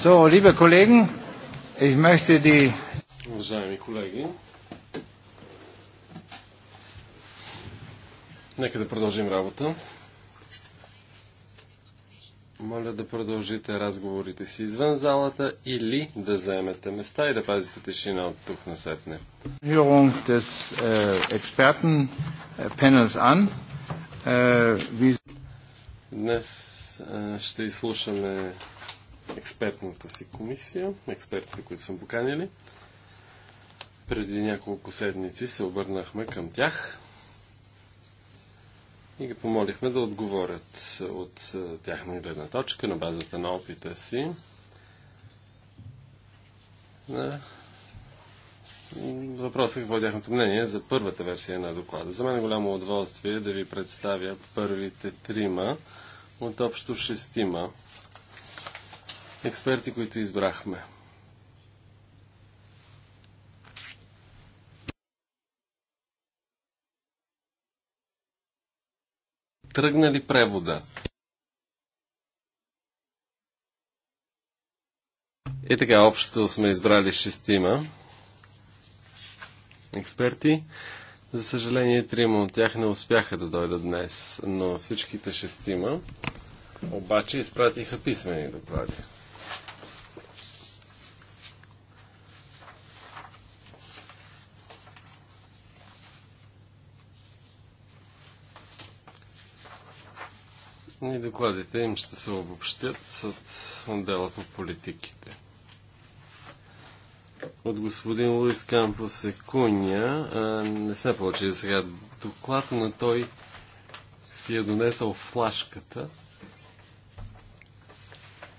So, liebe Kollegen, ich möchte die... Уважаеми колеги, нека да продължим работа. Моля да продължите разговорите си извън залата или да заемете места и да пазите тишина от тук на сетне. Э, э, э, Днес ще изслушаме експертната си комисия, експертите, които съм поканили. Преди няколко седмици се обърнахме към тях и ги помолихме да отговорят от е, тяхна гледна точка, на базата на опита си, на въпроса какво е тяхното мнение за първата версия на доклада. За мен е голямо удоволствие да ви представя първите трима от общо шестима експерти, които избрахме. Тръгна ли превода? И така, общо сме избрали шестима експерти. За съжаление, трима от тях не успяха да дойдат днес, но всичките шестима обаче изпратиха писмени доклади. И докладите им ще се обобщят от отдела по политиките. От господин Луис Кампус е Куня. Не сме получили сега доклад, но той си е донесъл флашката.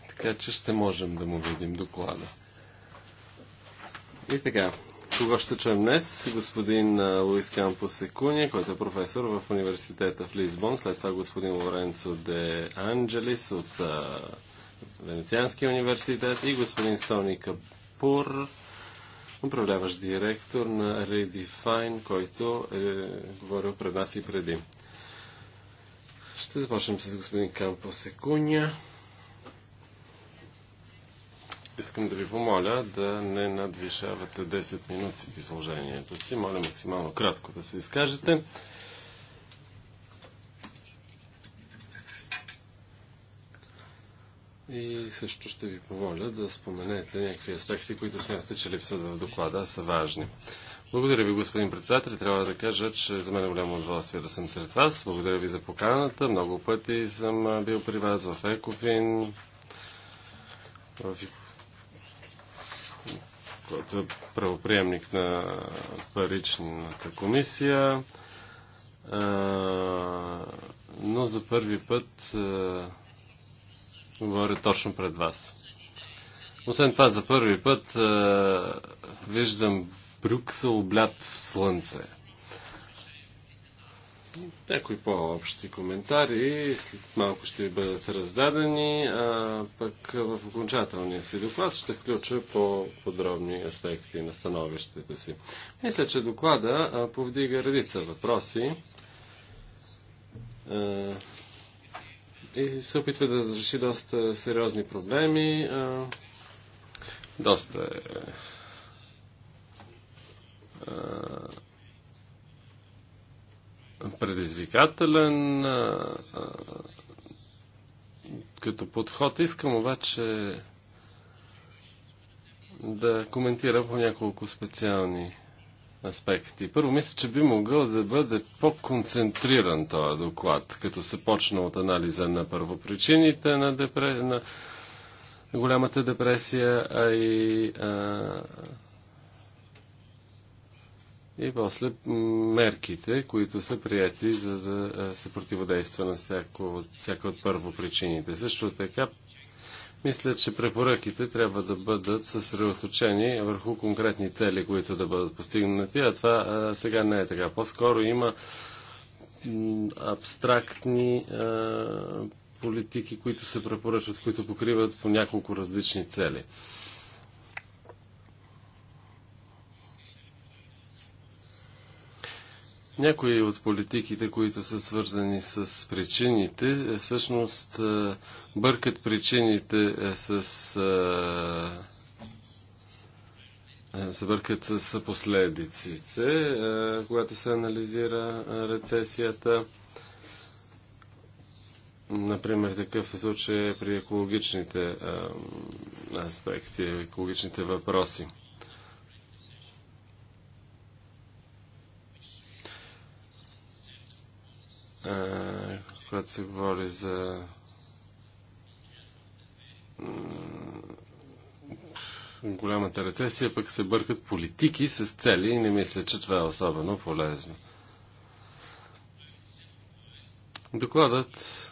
Така че ще можем да му видим доклада. И така, кого ще чуем днес? Господин Луис Кампо Секуния, който е професор в университета в Лизбон, след това господин Лоренцо де Анджелис от Венецианския университет и господин Сони Капур, управляващ директор на Redefine, който е говорил пред нас и преди. Ще започнем с господин Кампо Секуния. Искам да ви помоля да не надвишавате 10 минути в изложението си. Моля максимално кратко да се изкажете. И също ще ви помоля да споменете някакви аспекти, които смятате, че липсват в доклада, са важни. Благодаря ви, господин председател. Трябва да кажа, че за мен е голямо удоволствие да съм сред вас. Благодаря ви за поканата. Много пъти съм бил при вас в Екофин, в който е правоприемник на паричната комисия. Но за първи път говоря точно пред вас. Освен това, за първи път виждам Брюксел облят в слънце. Някои по-общи коментари след малко ще ви бъдат раздадени, а пък в окончателния си доклад ще включа по-подробни аспекти на становището си. Мисля, че доклада повдига редица въпроси и се опитва да разреши доста сериозни проблеми. доста е предизвикателен като подход. Искам обаче да коментирам по няколко специални аспекти. Първо, мисля, че би могъл да бъде по-концентриран този доклад, като се почна от анализа на първопричините на, депре... на голямата депресия, а и а, и после мерките, които са прияти, за да се противодейства на всяко, всяка от първо причините. Също така, мисля, че препоръките трябва да бъдат съсредоточени върху конкретни цели, които да бъдат постигнати, а това а, сега не е така. По-скоро има абстрактни а, политики, които се препоръчват, които покриват по няколко различни цели. Някои от политиките, които са свързани с причините, е, всъщност е, бъркат причините е, с се бъркат с последиците, когато се анализира рецесията. Например, такъв е случай при екологичните аспекти, екологичните въпроси. Е, когато се говори за голямата рецесия, пък се бъркат политики с цели и не мисля, че това е особено полезно. Докладът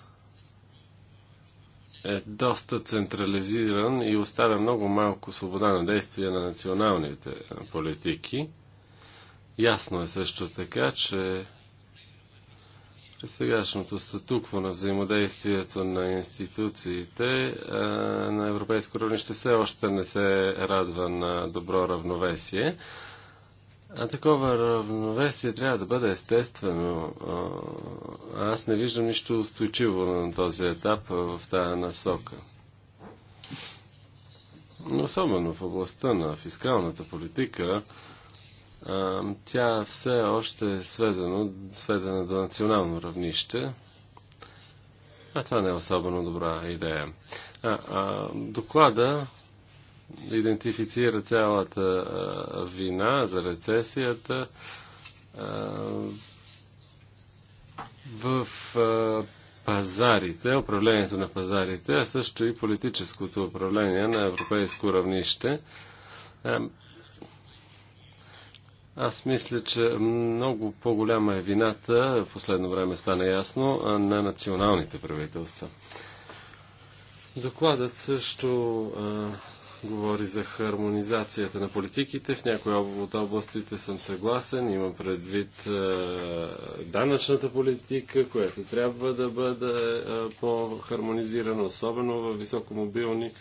е доста централизиран и оставя много малко свобода на действие на националните политики. Ясно е също така, че при сегашното статукво на взаимодействието на институциите на европейско равнище все още не се радва на добро равновесие. А такова равновесие трябва да бъде естествено. Аз не виждам нищо устойчиво на този етап в тази насока. Особено в областта на фискалната политика, тя все още е сведена, сведена до национално равнище, а това не е особено добра идея. А, а, доклада идентифицира цялата а, вина за рецесията а, в а, пазарите, управлението на пазарите, а също и политическото управление на европейско равнище. Аз мисля, че много по-голяма е вината, в последно време стана ясно, на националните правителства. Докладът също а, говори за хармонизацията на политиките. В някои от областите съм съгласен. Има предвид а, данъчната политика, която трябва да бъде по-хармонизирана, особено в високомобилни мобилни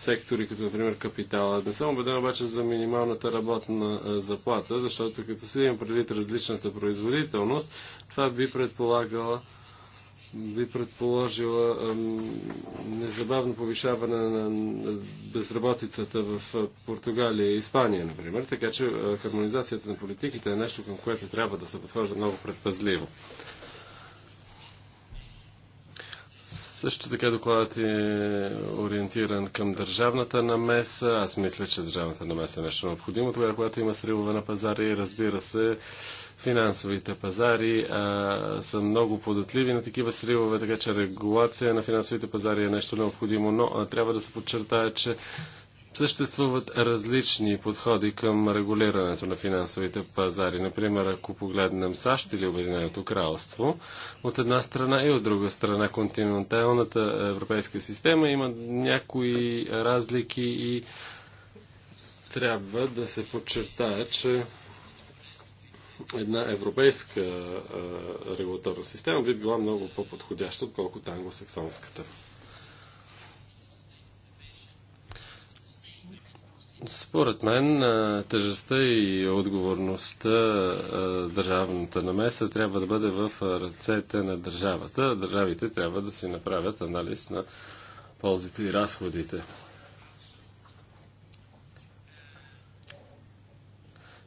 сектори, като например капитала. Не съм убеден обаче за минималната работна заплата, защото като си имам предвид различната производителност, това би предполагала би предположила незабавно повишаване на безработицата в Португалия и Испания, например. Така че хармонизацията на политиките е нещо, към което трябва да се подхожда много предпазливо. Също така докладът е ориентиран към държавната намеса. Аз мисля, че държавната намеса е нещо необходимо. Тогава, когато има сривове на пазари, разбира се, финансовите пазари а, са много податливи на такива сривове, така че регулация на финансовите пазари е нещо необходимо, но а, трябва да се подчертая, че съществуват различни подходи към регулирането на финансовите пазари. Например, ако погледнем САЩ или Обединеното кралство, от една страна и от друга страна континенталната европейска система има някои разлики и трябва да се подчертая, че една европейска регулаторна система би била много по-подходяща, отколкото англосаксонската. Според мен тежестта и отговорността държавната намеса трябва да бъде в ръцете на държавата. Държавите трябва да си направят анализ на ползите и разходите.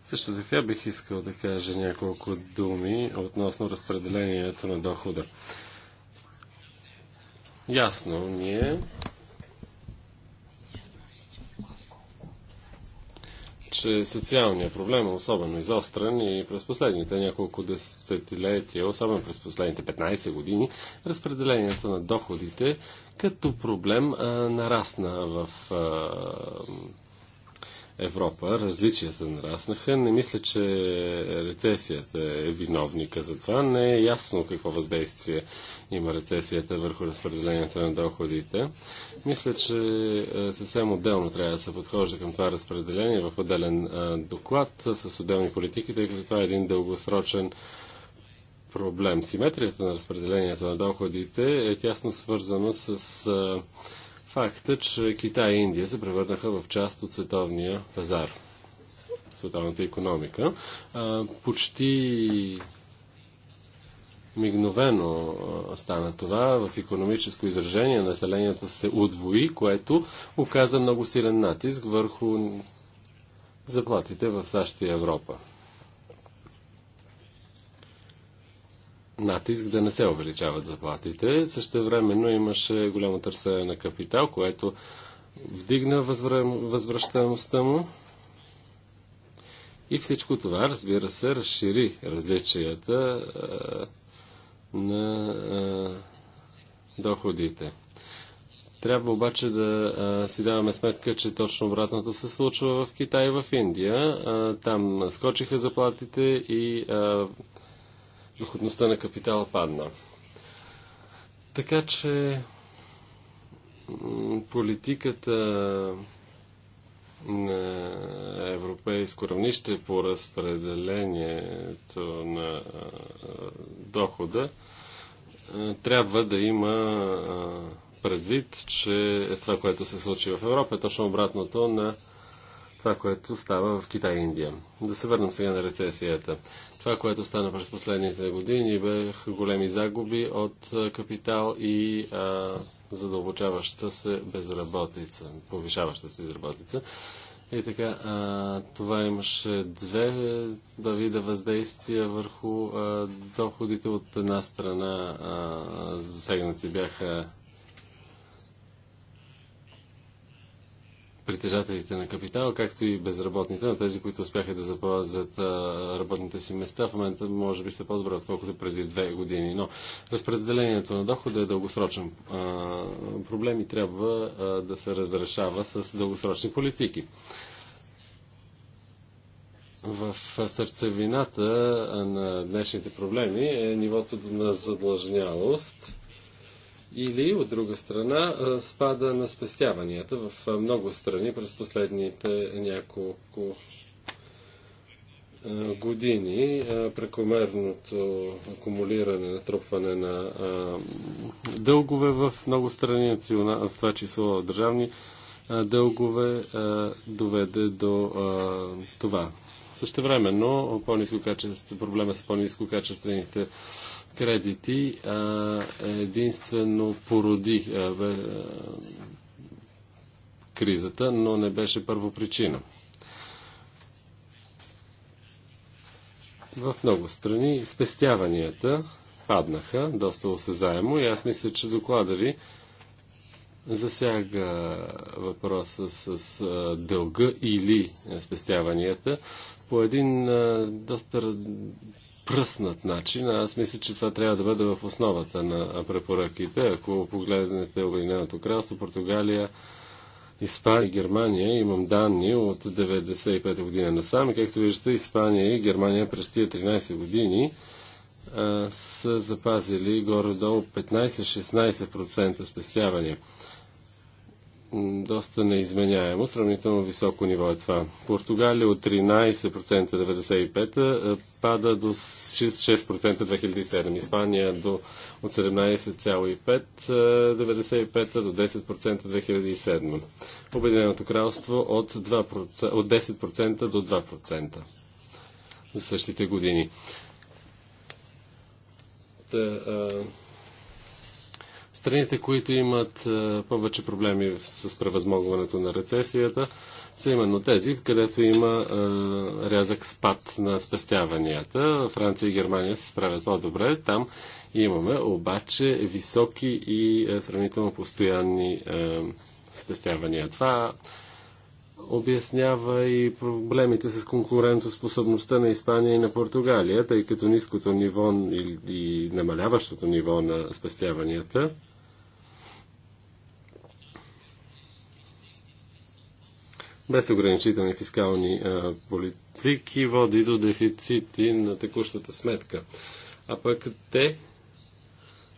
Също така бих искал да кажа няколко думи относно разпределението на дохода. Ясно ни е, че социалният проблем е особено изострен и през последните няколко десетилетия, особено през последните 15 години, разпределението на доходите като проблем а, нарасна в а, Европа различията нараснаха. Не мисля, че рецесията е виновника за това. Не е ясно какво въздействие има рецесията върху разпределението на доходите. Мисля, че е, съвсем отделно трябва да се подхожда към това разпределение в отделен е, доклад с отделни политики, тъй като това е един дългосрочен проблем. Симетрията на разпределението на доходите е тясно свързана с е, факта, че Китай и Индия се превърнаха в част от световния пазар, световната економика. А, почти мигновено стана това. В економическо изражение населението се удвои, което оказа много силен натиск върху заплатите в САЩ и Европа. натиск да не се увеличават заплатите. времено имаше голямо търсене на капитал, което вдигна възвръщаността възвръщаемостта му. И всичко това, разбира се, разшири различията а, на а, доходите. Трябва обаче да а, си даваме сметка, че точно обратното се случва в Китай и в Индия. А, там скочиха заплатите и а, доходността на капитала падна. Така че политиката на европейско равнище по разпределението на дохода трябва да има предвид, че това, което се случи в Европа, е точно обратното на това, което става в Китай и Индия. Да се върнем сега на рецесията. Това, което стана през последните години, бяха големи загуби от капитал и а, задълбочаваща се безработица, повишаваща се безработица. И така, а, това имаше две да вида въздействия върху а, доходите. От една страна а, засегнати бяха притежателите на капитал, както и безработните, на тези, които успяха да запазят работните си места, в момента може би са по-добре, отколкото преди две години. Но разпределението на дохода е дългосрочен проблем и трябва да се разрешава с дългосрочни политики. В сърцевината на днешните проблеми е нивото на задлъжнялост – или от друга страна спада на спестяванията в много страни през последните няколко години прекомерното акумулиране, натрупване на дългове в много страни, в това число държавни дългове, доведе до това. Същевременно по низко качество, проблема с по низко качествените кредити а, единствено породи а, бе, а, кризата, но не беше първопричина. В много страни спестяванията паднаха доста осезаемо и аз мисля, че доклада ви засяга въпроса с, с дълга или спестяванията по един а, доста пръснат начин. Аз мисля, че това трябва да бъде в основата на препоръките. Ако погледнете Обединеното кралство, Португалия, Испания и Германия, имам данни от 95 година насам. както виждате, Испания и Германия през тия 13 години а, са запазили горе-долу 15-16% спестявания доста неизменяемо. Сравнително високо ниво е това. Португалия от 13% 95 пада до 6% 2007. Испания до, от 17,5 95 до 10% 2007. Обединеното кралство от, 2%, от 10% до 2% за същите години. Та, страните, които имат е, повече проблеми с превъзмогването на рецесията, са именно тези, където има е, рязък спад на спестяванията. Франция и Германия се справят по-добре. Там имаме обаче високи и е, сравнително постоянни спестявания. Това обяснява и проблемите с конкурентоспособността на Испания и на Португалия, тъй като ниското ниво и намаляващото ниво на спестяванията без ограничителни фискални а, политики води до дефицити на текущата сметка. А пък те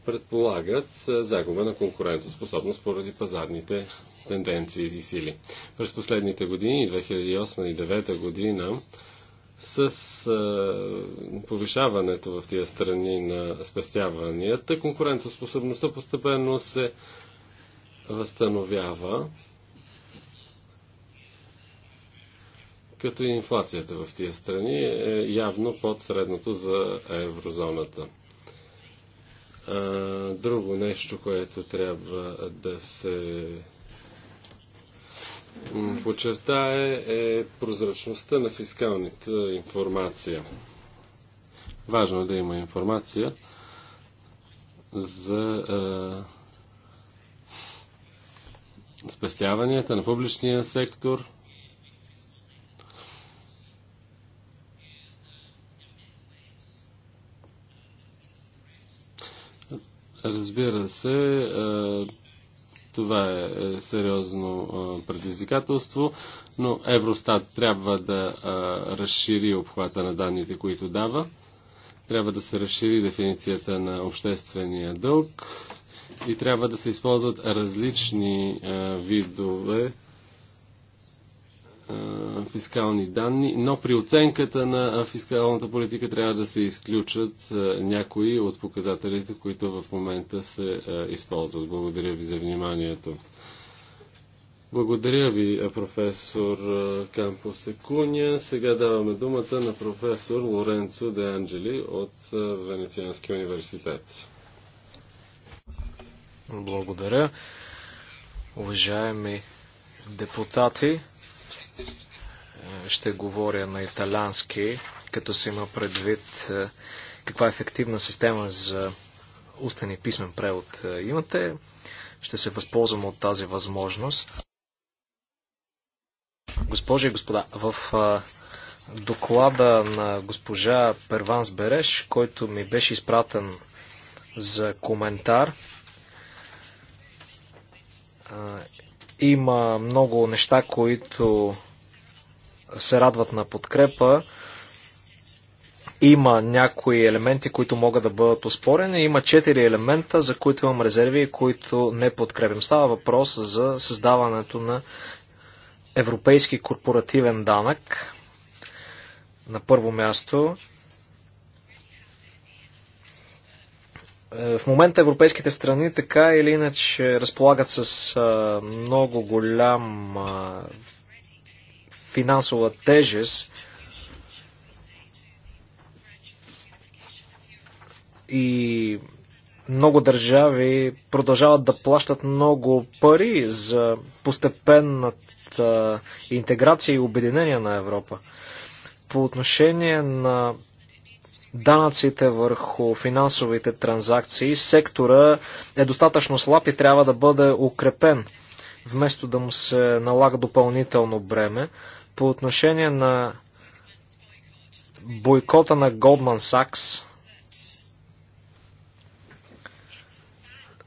предполагат загуба на конкурентоспособност поради пазарните тенденции и сили. През последните години, 2008 и 2009 година, с а, повишаването в тия страни на спестяванията, конкурентоспособността постепенно се възстановява като и инфлацията в тия страни е явно под средното за еврозоната. Друго нещо, което трябва да се подчертае е прозрачността на фискалната информация. Важно е да има информация за а, спестяванията на публичния сектор, Разбира се, е, това е, е сериозно е, предизвикателство, но Евростат трябва да разшири обхвата на данните, които дава. Трябва да се разшири дефиницията на обществения дълг и трябва да се използват различни видове фискални данни, но при оценката на фискалната политика трябва да се изключат някои от показателите, които в момента се използват. Благодаря ви за вниманието. Благодаря ви, професор Кампо Секуня. Сега даваме думата на професор Лоренцо Де Анджели от Венецианския университет. Благодаря. Уважаеми депутати, ще говоря на италянски, като се има предвид е, каква ефективна система за устен и писмен превод е, имате. Ще се възползвам от тази възможност. Госпожи и господа, в е, доклада на госпожа Перванс Береш, който ми беше изпратен за коментар, има много неща, които се радват на подкрепа. Има някои елементи, които могат да бъдат оспорени. Има четири елемента, за които имам резерви и които не подкрепим. Става въпрос за създаването на европейски корпоративен данък. На първо място е, В момента европейските страни така или иначе разполагат с е, много голям е, финансова тежест и много държави продължават да плащат много пари за постепенната интеграция и обединение на Европа. По отношение на данъците върху финансовите транзакции, сектора е достатъчно слаб и трябва да бъде укрепен, вместо да му се налага допълнително бреме. По отношение на бойкота на Goldman Sachs,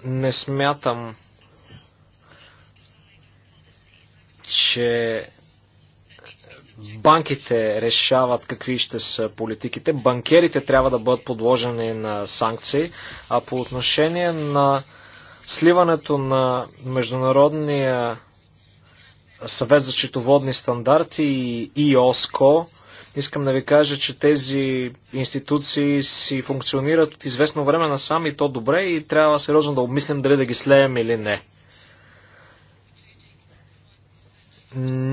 не смятам, че банките решават какви ще са политиките. Банкерите трябва да бъдат подложени на санкции, а по отношение на сливането на международния съвет за счетоводни стандарти и ИОСКО. Искам да ви кажа, че тези институции си функционират от известно време насам и то добре и трябва сериозно да обмислим дали да ги слеем или не.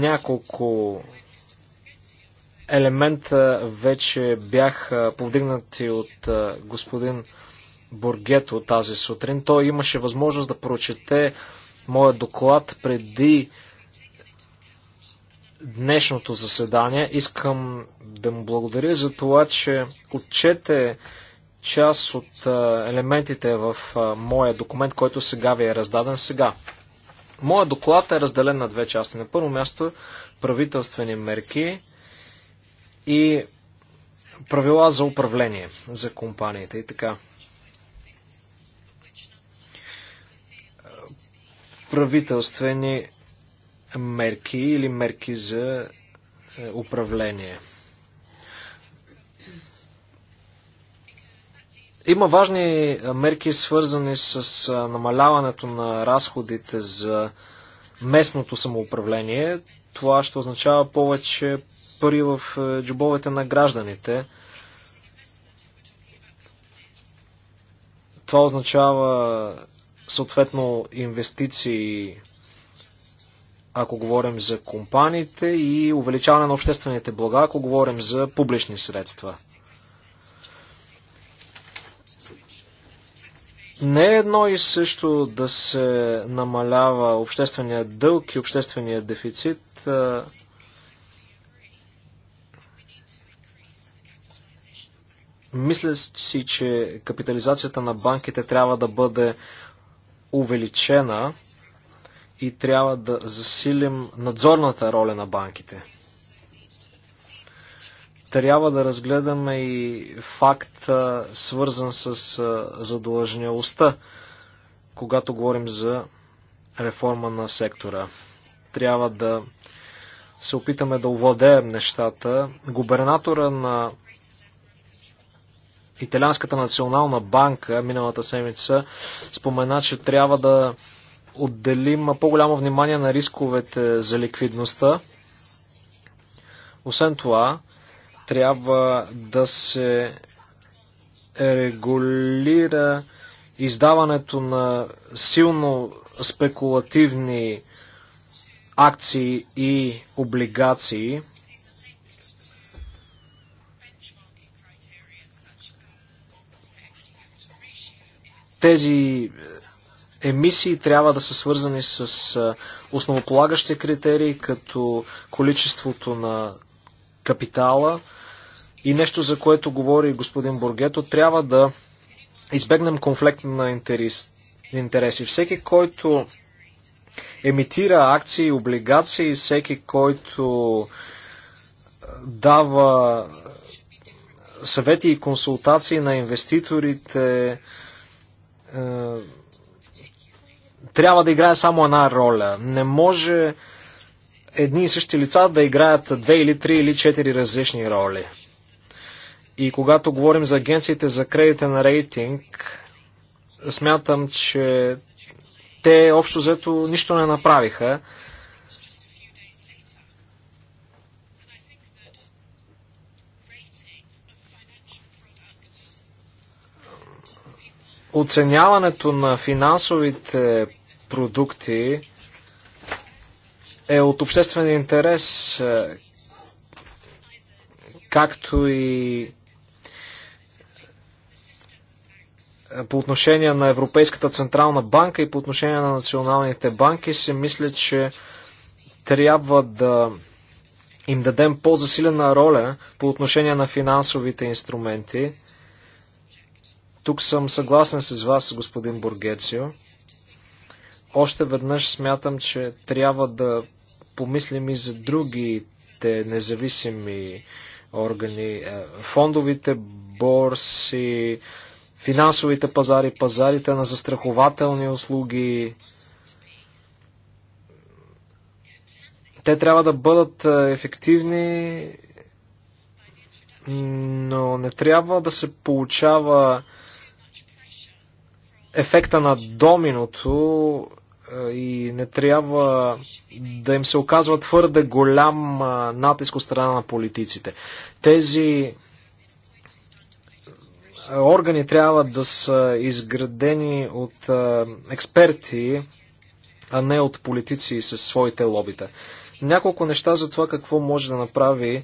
Няколко елемента вече бяха повдигнати от господин Бургето тази сутрин. Той имаше възможност да прочете моят доклад преди днешното заседание. Искам да му благодаря за това, че отчете част от елементите в моя документ, който сега ви е раздаден сега. Моя доклад е разделен на две части. На първо място правителствени мерки и правила за управление за компаниите и така. Правителствени мерки или мерки за е, управление. Има важни е, мерки, свързани с е, намаляването на разходите за местното самоуправление. Това ще означава повече пари в джобовете на гражданите. Това означава съответно инвестиции ако говорим за компаниите и увеличаване на обществените блага, ако говорим за публични средства. Не е едно и също да се намалява обществения дълг и обществения дефицит. Мисля си, че капитализацията на банките трябва да бъде увеличена и трябва да засилим надзорната роля на банките. Трябва да разгледаме и факт, свързан с задлъжнялостта, когато говорим за реформа на сектора. Трябва да се опитаме да овладеем нещата. Губернатора на Италианската национална банка миналата седмица спомена, че трябва да отделим по-голямо внимание на рисковете за ликвидността. Освен това, трябва да се регулира издаването на силно спекулативни акции и облигации. Тези емисии трябва да са свързани с основополагащи критерии, като количеството на капитала и нещо, за което говори господин Бургето, трябва да избегнем конфликт на интереси. Всеки, който емитира акции, и облигации, всеки, който дава съвети и консултации на инвеститорите, трябва да играе само една роля. Не може едни и същи лица да играят две или три или четири различни роли. И когато говорим за агенциите за кредитен рейтинг, смятам, че те общо взето нищо не направиха. Оценяването на финансовите продукти е от обществен интерес, е, както и е, по отношение на Европейската централна банка и по отношение на националните банки, се мисля, че трябва да им дадем по-засилена роля по отношение на финансовите инструменти. Тук съм съгласен с вас, господин Бургецио. Още веднъж смятам, че трябва да помислим и за другите независими органи, е, фондовите борси, финансовите пазари, пазарите на застрахователни услуги. Те трябва да бъдат е, ефективни, но не трябва да се получава ефекта на доминото и не трябва да им се оказва твърде голям натиск от страна на политиците. Тези органи трябва да са изградени от експерти, а не от политици със своите лобита. Няколко неща за това какво може да направи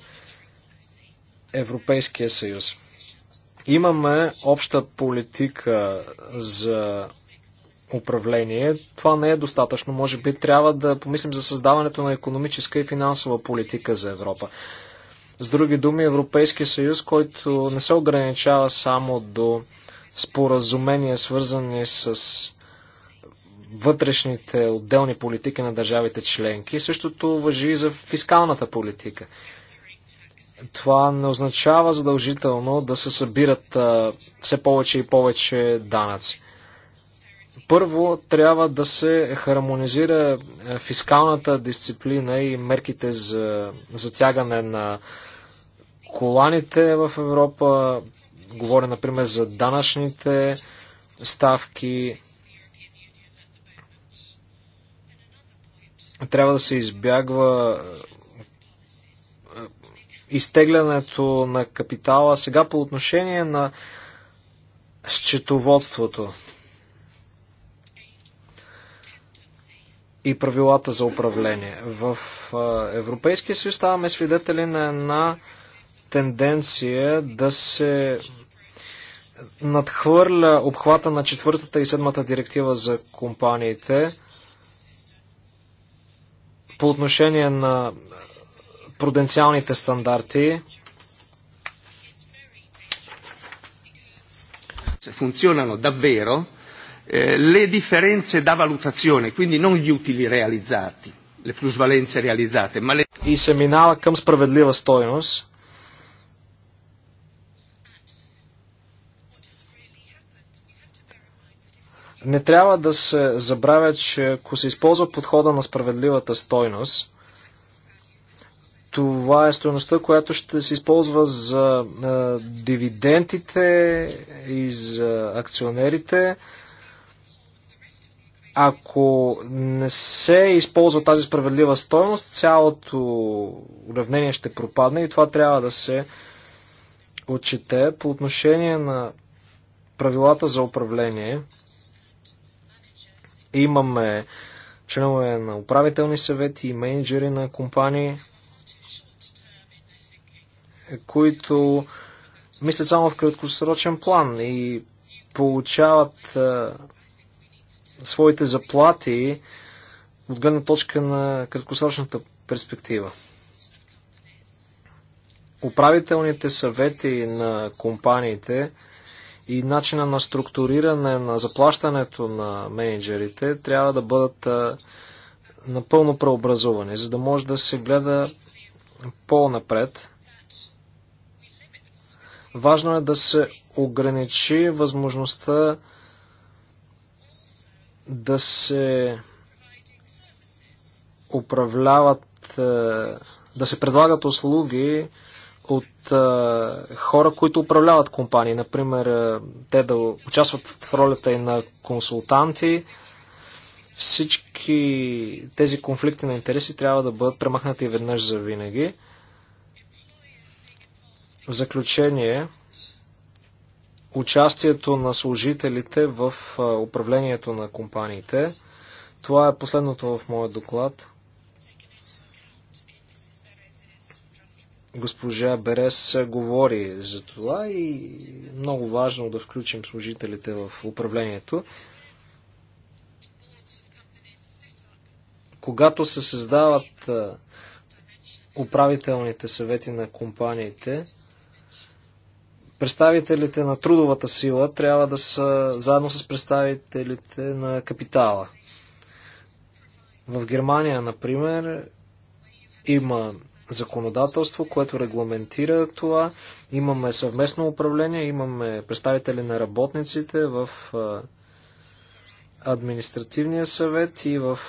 Европейския съюз. Имаме обща политика за управление. Това не е достатъчно. Може би трябва да помислим за създаването на економическа и финансова политика за Европа. С други думи, Европейския съюз, който не се ограничава само до споразумения, свързани с вътрешните отделни политики на държавите членки. Същото въжи и за фискалната политика. Това не означава задължително да се събират а, все повече и повече данъци. Първо трябва да се хармонизира е, фискалната дисциплина и мерките за затягане на коланите в Европа. Говоря, например, за данъчните ставки. Трябва да се избягва е, изтеглянето на капитала. Сега по отношение на счетоводството. и правилата за управление. В Европейския съюз ставаме свидетели на една тенденция да се надхвърля обхвата на четвъртата и седмата директива за компаниите по отношение на пруденциалните стандарти. Funzionano davvero Eh, le differenze da valutazione, quindi non gli utili realizzati, le plusvalenze realizzate, ma le... И се минава към справедлива стоеност. Не трябва да се забравя, че ако се използва подхода на справедливата стойност, това е стоеността, която ще се използва за е, дивидентите и за акционерите. Ако не се използва тази справедлива стоеност, цялото уравнение ще пропадне и това трябва да се отчете по отношение на правилата за управление. Имаме членове на управителни съвети и менеджери на компании, които мислят само в краткосрочен план и получават своите заплати от гледна точка на краткосрочната перспектива. Управителните съвети на компаниите и начина на структуриране на заплащането на менеджерите трябва да бъдат напълно преобразувани, за да може да се гледа по-напред. Важно е да се ограничи възможността да се управляват, е, да се предлагат услуги от е, хора, които управляват компании. Например, е, те да участват в ролята и на консултанти. Всички тези конфликти на интереси трябва да бъдат премахнати веднъж за винаги. В заключение, участието на служителите в управлението на компаниите. Това е последното в моя доклад. Госпожа Берес говори за това и е много важно да включим служителите в управлението. Когато се създават управителните съвети на компаниите, Представителите на трудовата сила трябва да са заедно с представителите на капитала. В Германия, например, има законодателство, което регламентира това. Имаме съвместно управление, имаме представители на работниците в административния съвет и в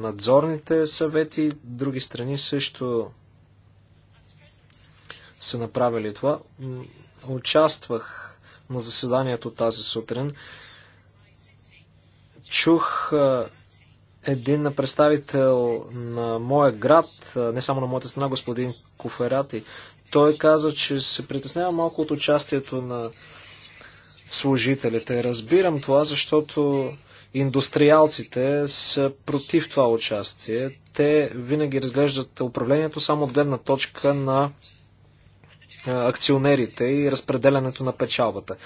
надзорните съвети. Други страни също са направили това участвах на заседанието тази сутрин. Чух един представител на моя град, не само на моята страна, господин Коферати. Той каза, че се притеснява малко от участието на служителите. Разбирам това, защото индустриалците са против това участие. Те винаги разглеждат управлението само от гледна точка на акционерите и разпределянето на печалбата.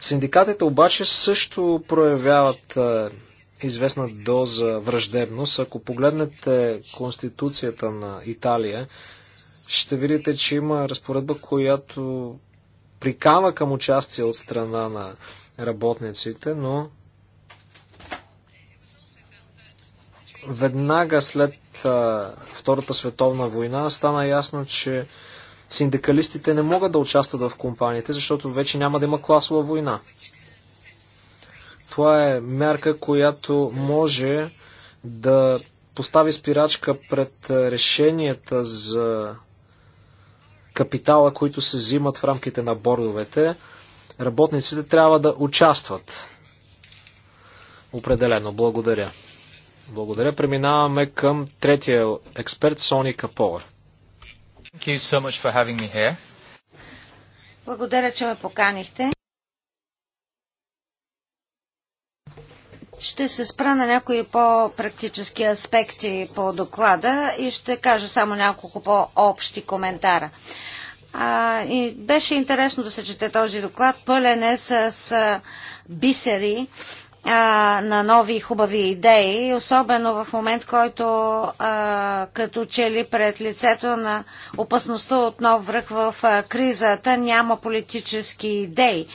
Синдикатите обаче също проявяват известна доза враждебност. Ако погледнете Конституцията на Италия, ще видите, че има разпоредба, която прикава към участие от страна на работниците, но веднага след Втората световна война стана ясно, че Синдикалистите не могат да участват в компаниите, защото вече няма да има класова война. Това е мярка, която може да постави спирачка пред решенията за капитала, които се взимат в рамките на бордовете. Работниците трябва да участват. Определено. Благодаря. Благодаря. Преминаваме към третия експерт Сони Капор. So Благодаря, че ме поканихте. Ще се спра на някои по-практически аспекти по доклада и ще кажа само няколко по-общи коментара. А, и беше интересно да се чете този доклад. Пълен е с, с бисери а, на нови хубави идеи, особено в момент, който а, като че ли пред лицето на опасността от нов връх в а, кризата няма политически идеи.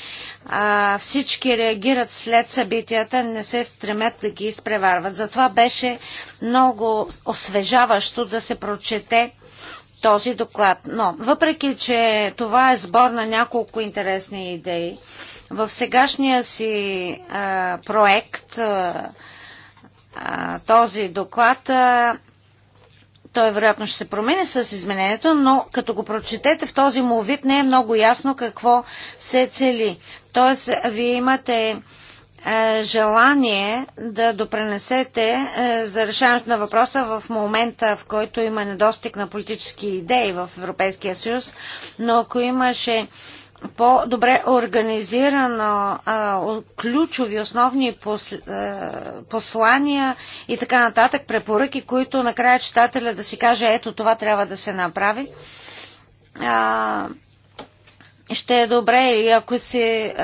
А, всички реагират след събитията, не се стремят да ги изпреварват. Затова беше много освежаващо да се прочете този доклад. Но, въпреки, че това е сбор на няколко интересни идеи, в сегашния си а, проект а, този доклад а, той вероятно ще се промени с изменението, но като го прочетете в този му вид не е много ясно какво се цели. Тоест, вие имате желание да допренесете за решаването на въпроса в момента, в който има недостиг на политически идеи в Европейския съюз, но ако имаше по-добре организирано ключови основни послания и така нататък, препоръки, които накрая читателя да си каже ето това трябва да се направи. А, ще е добре и ако се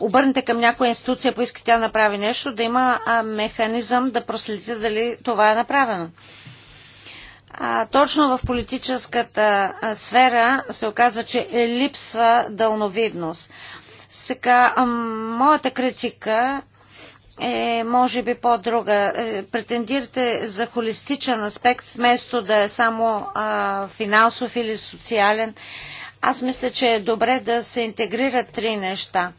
обърнете към някоя институция, тя да направи нещо, да има а, механизъм да проследите дали това е направено а, точно в политическата сфера се оказва, че липсва дълновидност. Сега, моята критика е, може би, по-друга. Е, претендирате за холистичен аспект, вместо да е само а, финансов или социален. Аз мисля, че е добре да се интегрират три неща.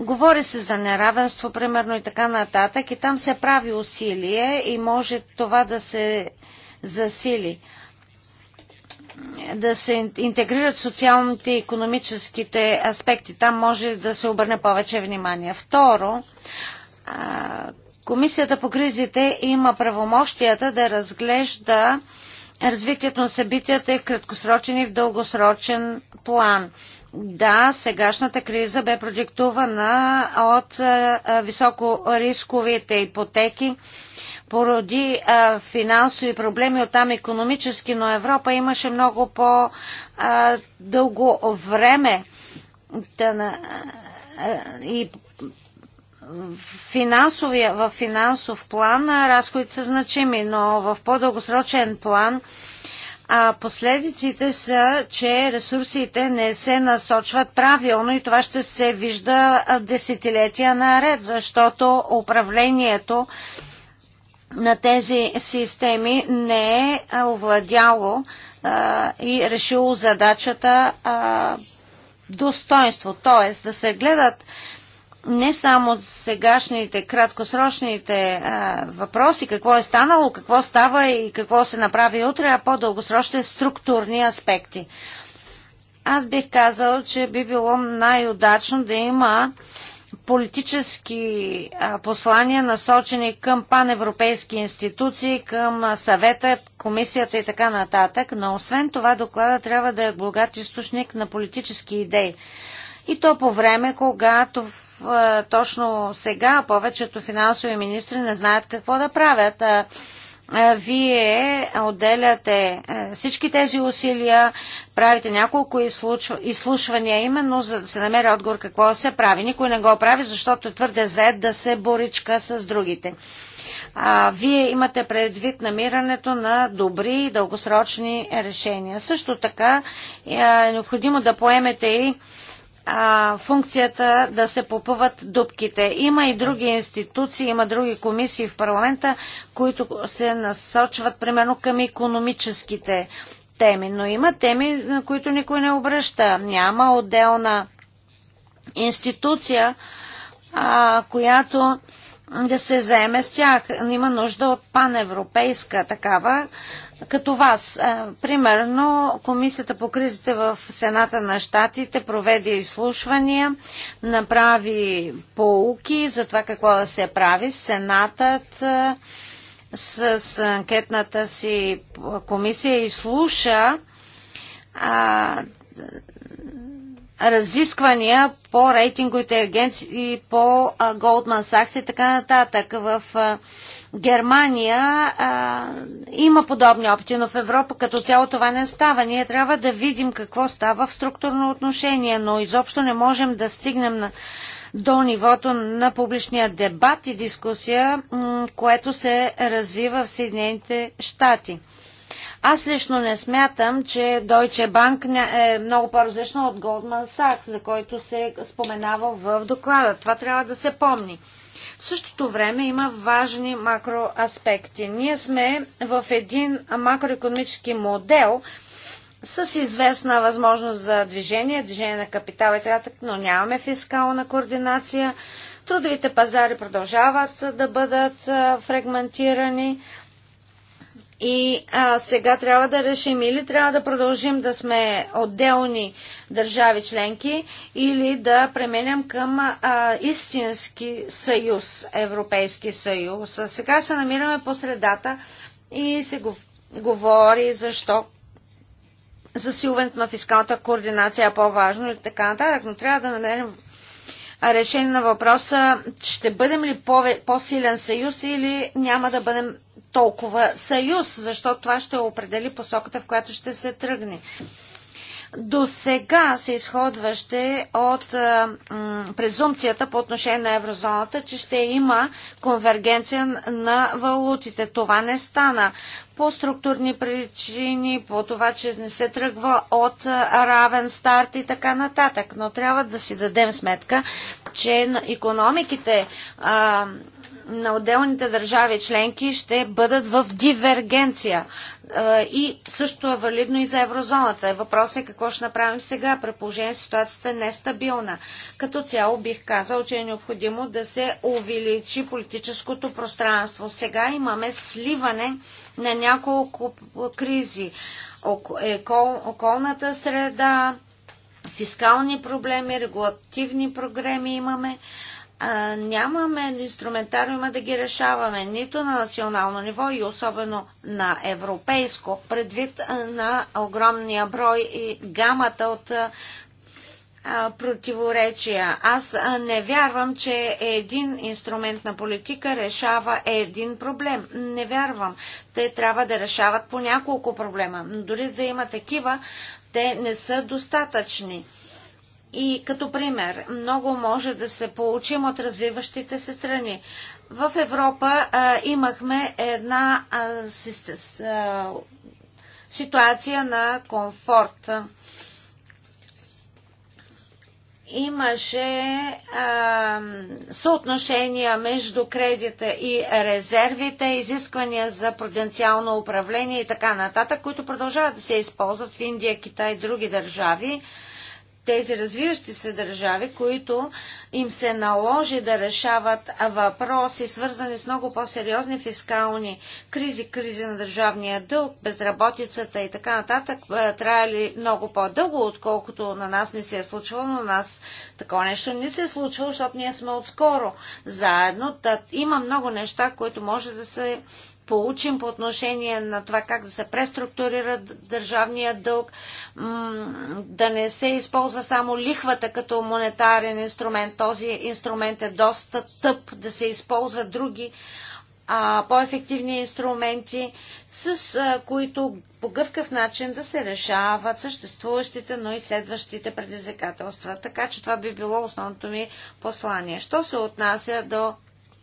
Говори се за неравенство, примерно, и така нататък, и там се прави усилие и може това да се засили да се интегрират социалните и економическите аспекти. Там може да се обърне повече внимание. Второ, Комисията по кризите има правомощията да разглежда развитието на събитията в краткосрочен и в дългосрочен план. Да, сегашната криза бе продиктувана от високорисковите ипотеки, породи а, финансови проблеми, оттам економически, но Европа имаше много по-дълго време да, а, и финансовия, в финансов план разходите са значими, но в по-дългосрочен план а последиците са, че ресурсите не се насочват правилно и това ще се вижда десетилетия наред, защото управлението на тези системи не е овладяло а, и решило задачата а, достоинство, т.е. да се гледат не само сегашните краткосрочните а, въпроси, какво е станало, какво става и какво се направи утре, а по-дългосрочните структурни аспекти. Аз бих казал, че би било най-удачно да има политически послания, насочени към паневропейски институции, към съвета, комисията и така нататък, но освен това доклада трябва да е богат източник на политически идеи. И то по време, когато в, точно сега повечето финансови министри не знаят какво да правят вие отделяте всички тези усилия, правите няколко изслушвания, именно за да се намери отговор какво се прави. Никой не го прави, защото е твърде заед да се боричка с другите. А, вие имате предвид намирането на добри и дългосрочни решения. Също така е необходимо да поемете и а, функцията да се попъват дубките. Има и други институции, има други комисии в парламента, които се насочват примерно към економическите теми. Но има теми, на които никой не обръща. Няма отделна институция, а, която да се заеме с тях. Има нужда от паневропейска такава, като вас. Примерно, Комисията по кризите в Сената на щатите проведе изслушвания, направи поуки за това какво да се прави. Сенатът с анкетната си комисия изслуша а, разисквания по рейтинговите агенции, по Goldman Sachs и така нататък. В а, Германия а, има подобни опити, но в Европа като цяло това не става. Ние трябва да видим какво става в структурно отношение, но изобщо не можем да стигнем на, до нивото на публичния дебат и дискусия, което се развива в Съединените щати. Аз лично не смятам, че Deutsche Bank е много по-различно от Goldman Sachs, за който се споменава в доклада. Това трябва да се помни. В същото време има важни макроаспекти. Ние сме в един макроекономически модел с известна възможност за движение, движение на капитал и така, но нямаме фискална координация. Трудовите пазари продължават да бъдат фрагментирани. И а, сега трябва да решим или трябва да продължим да сме отделни държави членки, или да пременям към а, истински съюз, Европейски съюз. А сега се намираме по средата и се го, говори защо засилването на фискалната координация е по-важно и така нататък, но трябва да намерим решение на въпроса, ще бъдем ли по-силен съюз или няма да бъдем толкова съюз, защото това ще определи посоката, в която ще се тръгне. До сега се изходваще от м, презумцията по отношение на еврозоната, че ще има конвергенция на валутите. Това не стана по структурни причини, по това, че не се тръгва от равен старт и така нататък. Но трябва да си дадем сметка, че економиките а, на отделните държави членки ще бъдат в дивергенция. И също е валидно и за еврозоната. Въпросът е какво ще направим сега, при положение ситуацията е нестабилна. Като цяло бих казал, че е необходимо да се увеличи политическото пространство. Сега имаме сливане на няколко кризи. Окол, околната среда, фискални проблеми, регулативни проблеми имаме а, нямаме инструментариума да ги решаваме нито на национално ниво и особено на европейско, предвид на огромния брой и гамата от а, противоречия. Аз не вярвам, че един инструмент на политика решава един проблем. Не вярвам. Те трябва да решават по няколко проблема. Но дори да има такива, те не са достатъчни. И като пример, много може да се получим от развиващите се страни. В Европа а, имахме една а, си, а, ситуация на комфорт. Имаше а, съотношения между кредита и резервите, изисквания за пруденциално управление и така нататък, които продължават да се използват в Индия, Китай и други държави. А, тези развиващи се държави, които им се наложи да решават въпроси, свързани с много по-сериозни фискални кризи, кризи на държавния дълг, безработицата и така нататък, е, траяли много по-дълго, отколкото на нас не се е случило, но нас такова нещо не се е случило, защото ние сме отскоро заедно. Та, има много неща, които може да се получим по отношение на това как да се преструктурира държавния дълг, да не се използва само лихвата като монетарен инструмент. Този инструмент е доста тъп, да се използват други по-ефективни инструменти, с а, които по гъвкав начин да се решават съществуващите, но и следващите предизвикателства. Така че това би било основното ми послание. Що се отнася до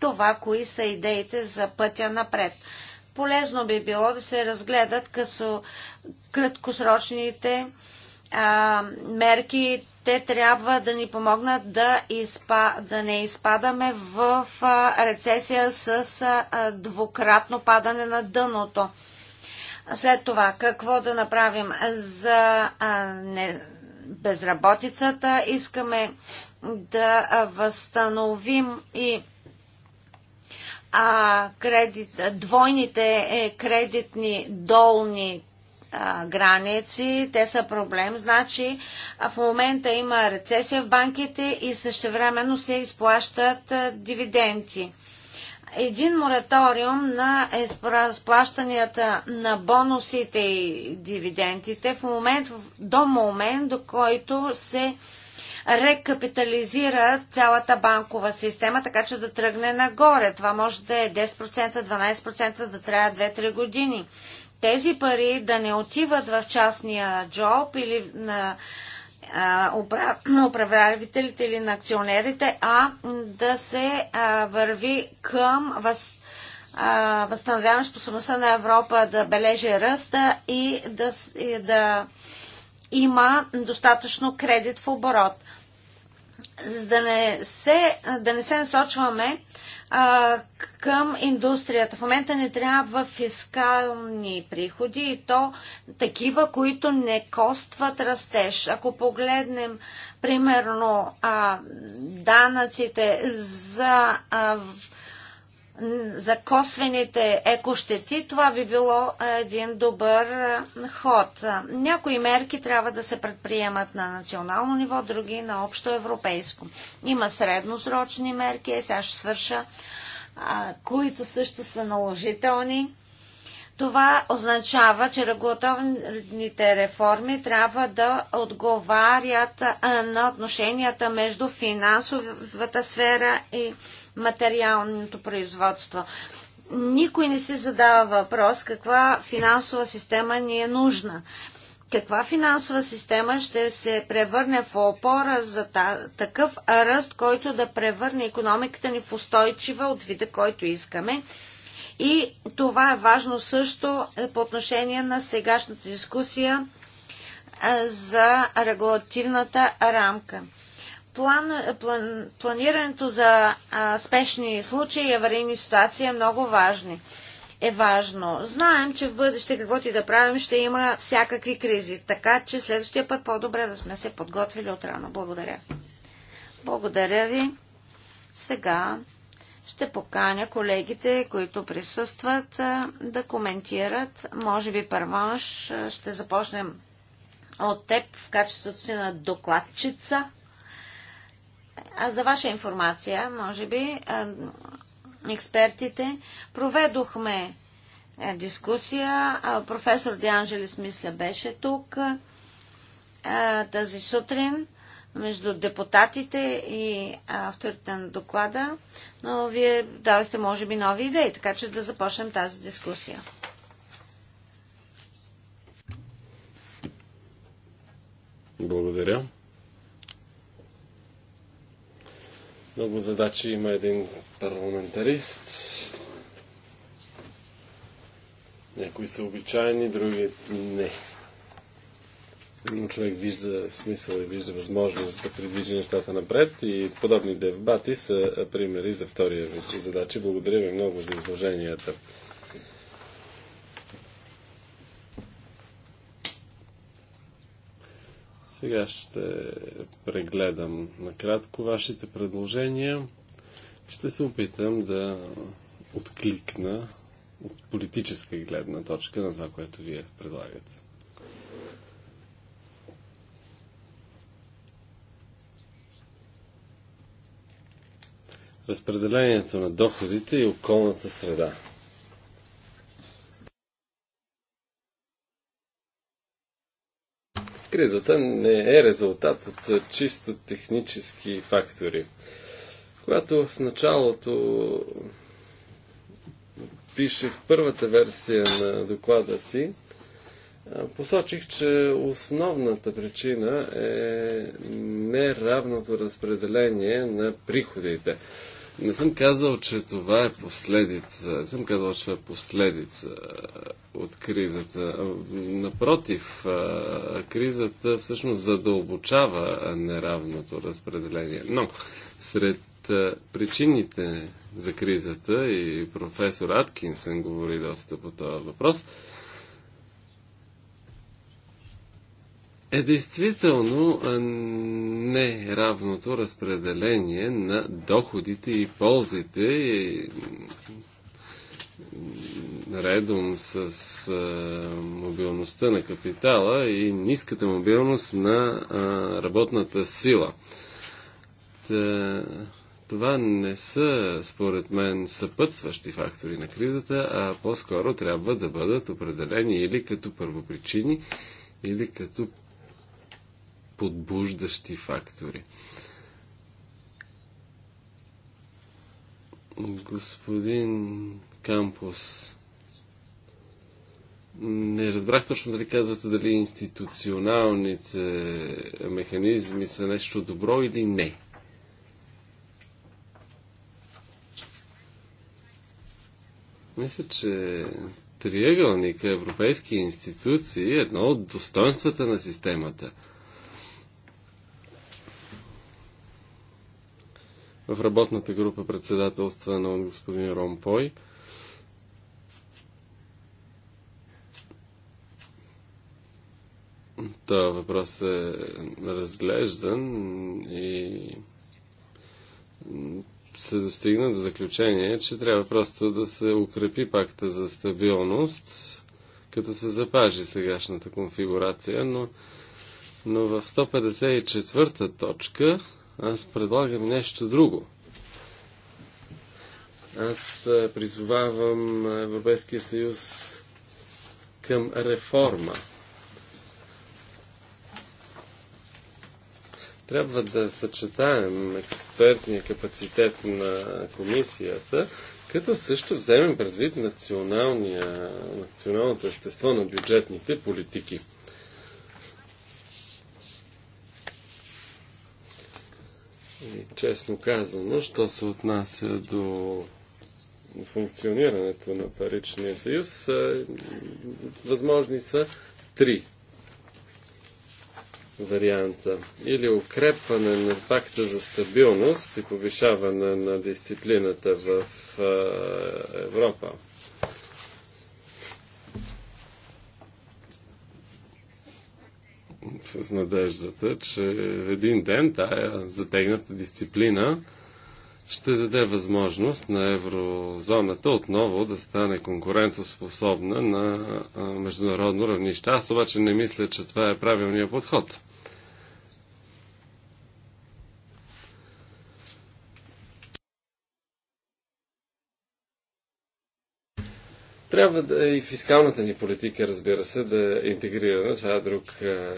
това, кои са идеите за пътя напред. Полезно би било да се разгледат късо, краткосрочните а, мерки. Те трябва да ни помогнат да, изпа, да не изпадаме в а, рецесия с а, двукратно падане на дъното. След това, какво да направим за а, не, безработицата? Искаме да възстановим и а, кредит, двойните е, кредитни долни а, граници, те са проблем. Значи а в момента има рецесия в банките и същевременно се изплащат а, дивиденти. Един мораториум на изплащанията на бонусите и дивидендите в момент, до момент, до който се а, рекапитализира цялата банкова система, така че да тръгне нагоре. Това може да е 10%, 12%, да трябва 2-3 години. Тези пари да не отиват в частния джоб или на управителите или на акционерите, а да се върви към въз, възстановяване способността на Европа да бележи ръста и да, и да има достатъчно кредит в оборот. За да не се, да не се насочваме а, към индустрията. В момента не трябва фискални приходи и то такива, които не костват растеж. Ако погледнем, примерно, а, данъците за а, за косвените екощети, това би било един добър ход. Някои мерки трябва да се предприемат на национално ниво, други на общо европейско. Има средносрочни мерки, е, сега ще свърша, които също са наложителни. Това означава, че регулаторните реформи трябва да отговарят на отношенията между финансовата сфера и материалното производство. Никой не се задава въпрос каква финансова система ни е нужна. Каква финансова система ще се превърне в опора за такъв ръст, който да превърне економиката ни в устойчива от вида, който искаме? И това е важно също е, по отношение на сегашната дискусия е, за регулативната рамка. План, план, планирането за а, спешни случаи и аварийни ситуации е много важни. Е важно. Знаем, че в бъдеще каквото и да правим ще има всякакви кризи, така че следващия път по-добре да сме се подготвили от рано. Благодаря. Благодаря ви. Сега ще поканя колегите, които присъстват, да коментират. Може би първаш ще започнем от теб в качеството на докладчица. А за ваша информация, може би, експертите проведохме е, дискусия. Професор Дианжелис, мисля, беше тук тази сутрин между депутатите и авторите на доклада, но вие дадохте, може би, нови идеи, така че да започнем тази дискусия. Благодаря. Много задачи има един парламентарист. Някои са обичайни, други не. Един човек вижда смисъл и вижда възможност да придвижи нещата напред и подобни дебати са примери за втория вид задачи. Благодаря ви много за изложенията. Сега ще прегледам накратко вашите предложения. Ще се опитам да откликна от политическа гледна точка на това, което вие предлагате. Разпределението на доходите и околната среда. Кризата не е резултат от чисто технически фактори. Когато в началото пишех първата версия на доклада си, посочих, че основната причина е неравното разпределение на приходите. Не съм казал, че това е последица. Не съм казал, че това е последица от кризата. Напротив, кризата всъщност задълбочава неравното разпределение. Но сред причините за кризата и професор Аткинсън говори доста по този въпрос – е действително неравното е разпределение на доходите и ползите и редом с мобилността на капитала и ниската мобилност на работната сила. Това не са, според мен, съпътстващи фактори на кризата, а по-скоро трябва да бъдат определени или като първопричини, или като подбуждащи фактори. Господин Кампус, не разбрах точно дали казвате дали институционалните механизми са нещо добро или не. Мисля, че триъгълника европейски институции е едно от достоинствата на системата – в работната група председателства на господин Пой. това въпрос е разглеждан и се достигна до заключение, че трябва просто да се укрепи пакта за стабилност, като се запажи сегашната конфигурация, но, но в 154-та точка аз предлагам нещо друго. Аз е, призовавам Европейския съюз към реформа. Трябва да съчетаем експертния капацитет на комисията, като също вземем предвид националния, националното естество на бюджетните политики. И честно казано, що се отнася до функционирането на паричния съюз, възможни са три варианта. Или укрепване на пакта за стабилност и повишаване на дисциплината в Европа с надеждата, че един ден тая затегната дисциплина ще даде възможност на еврозоната отново да стане конкурентоспособна на международно равнище. Аз обаче не мисля, че това е правилният подход. Трябва да и фискалната ни политика, разбира се, да е интегрирана. Това е друг а,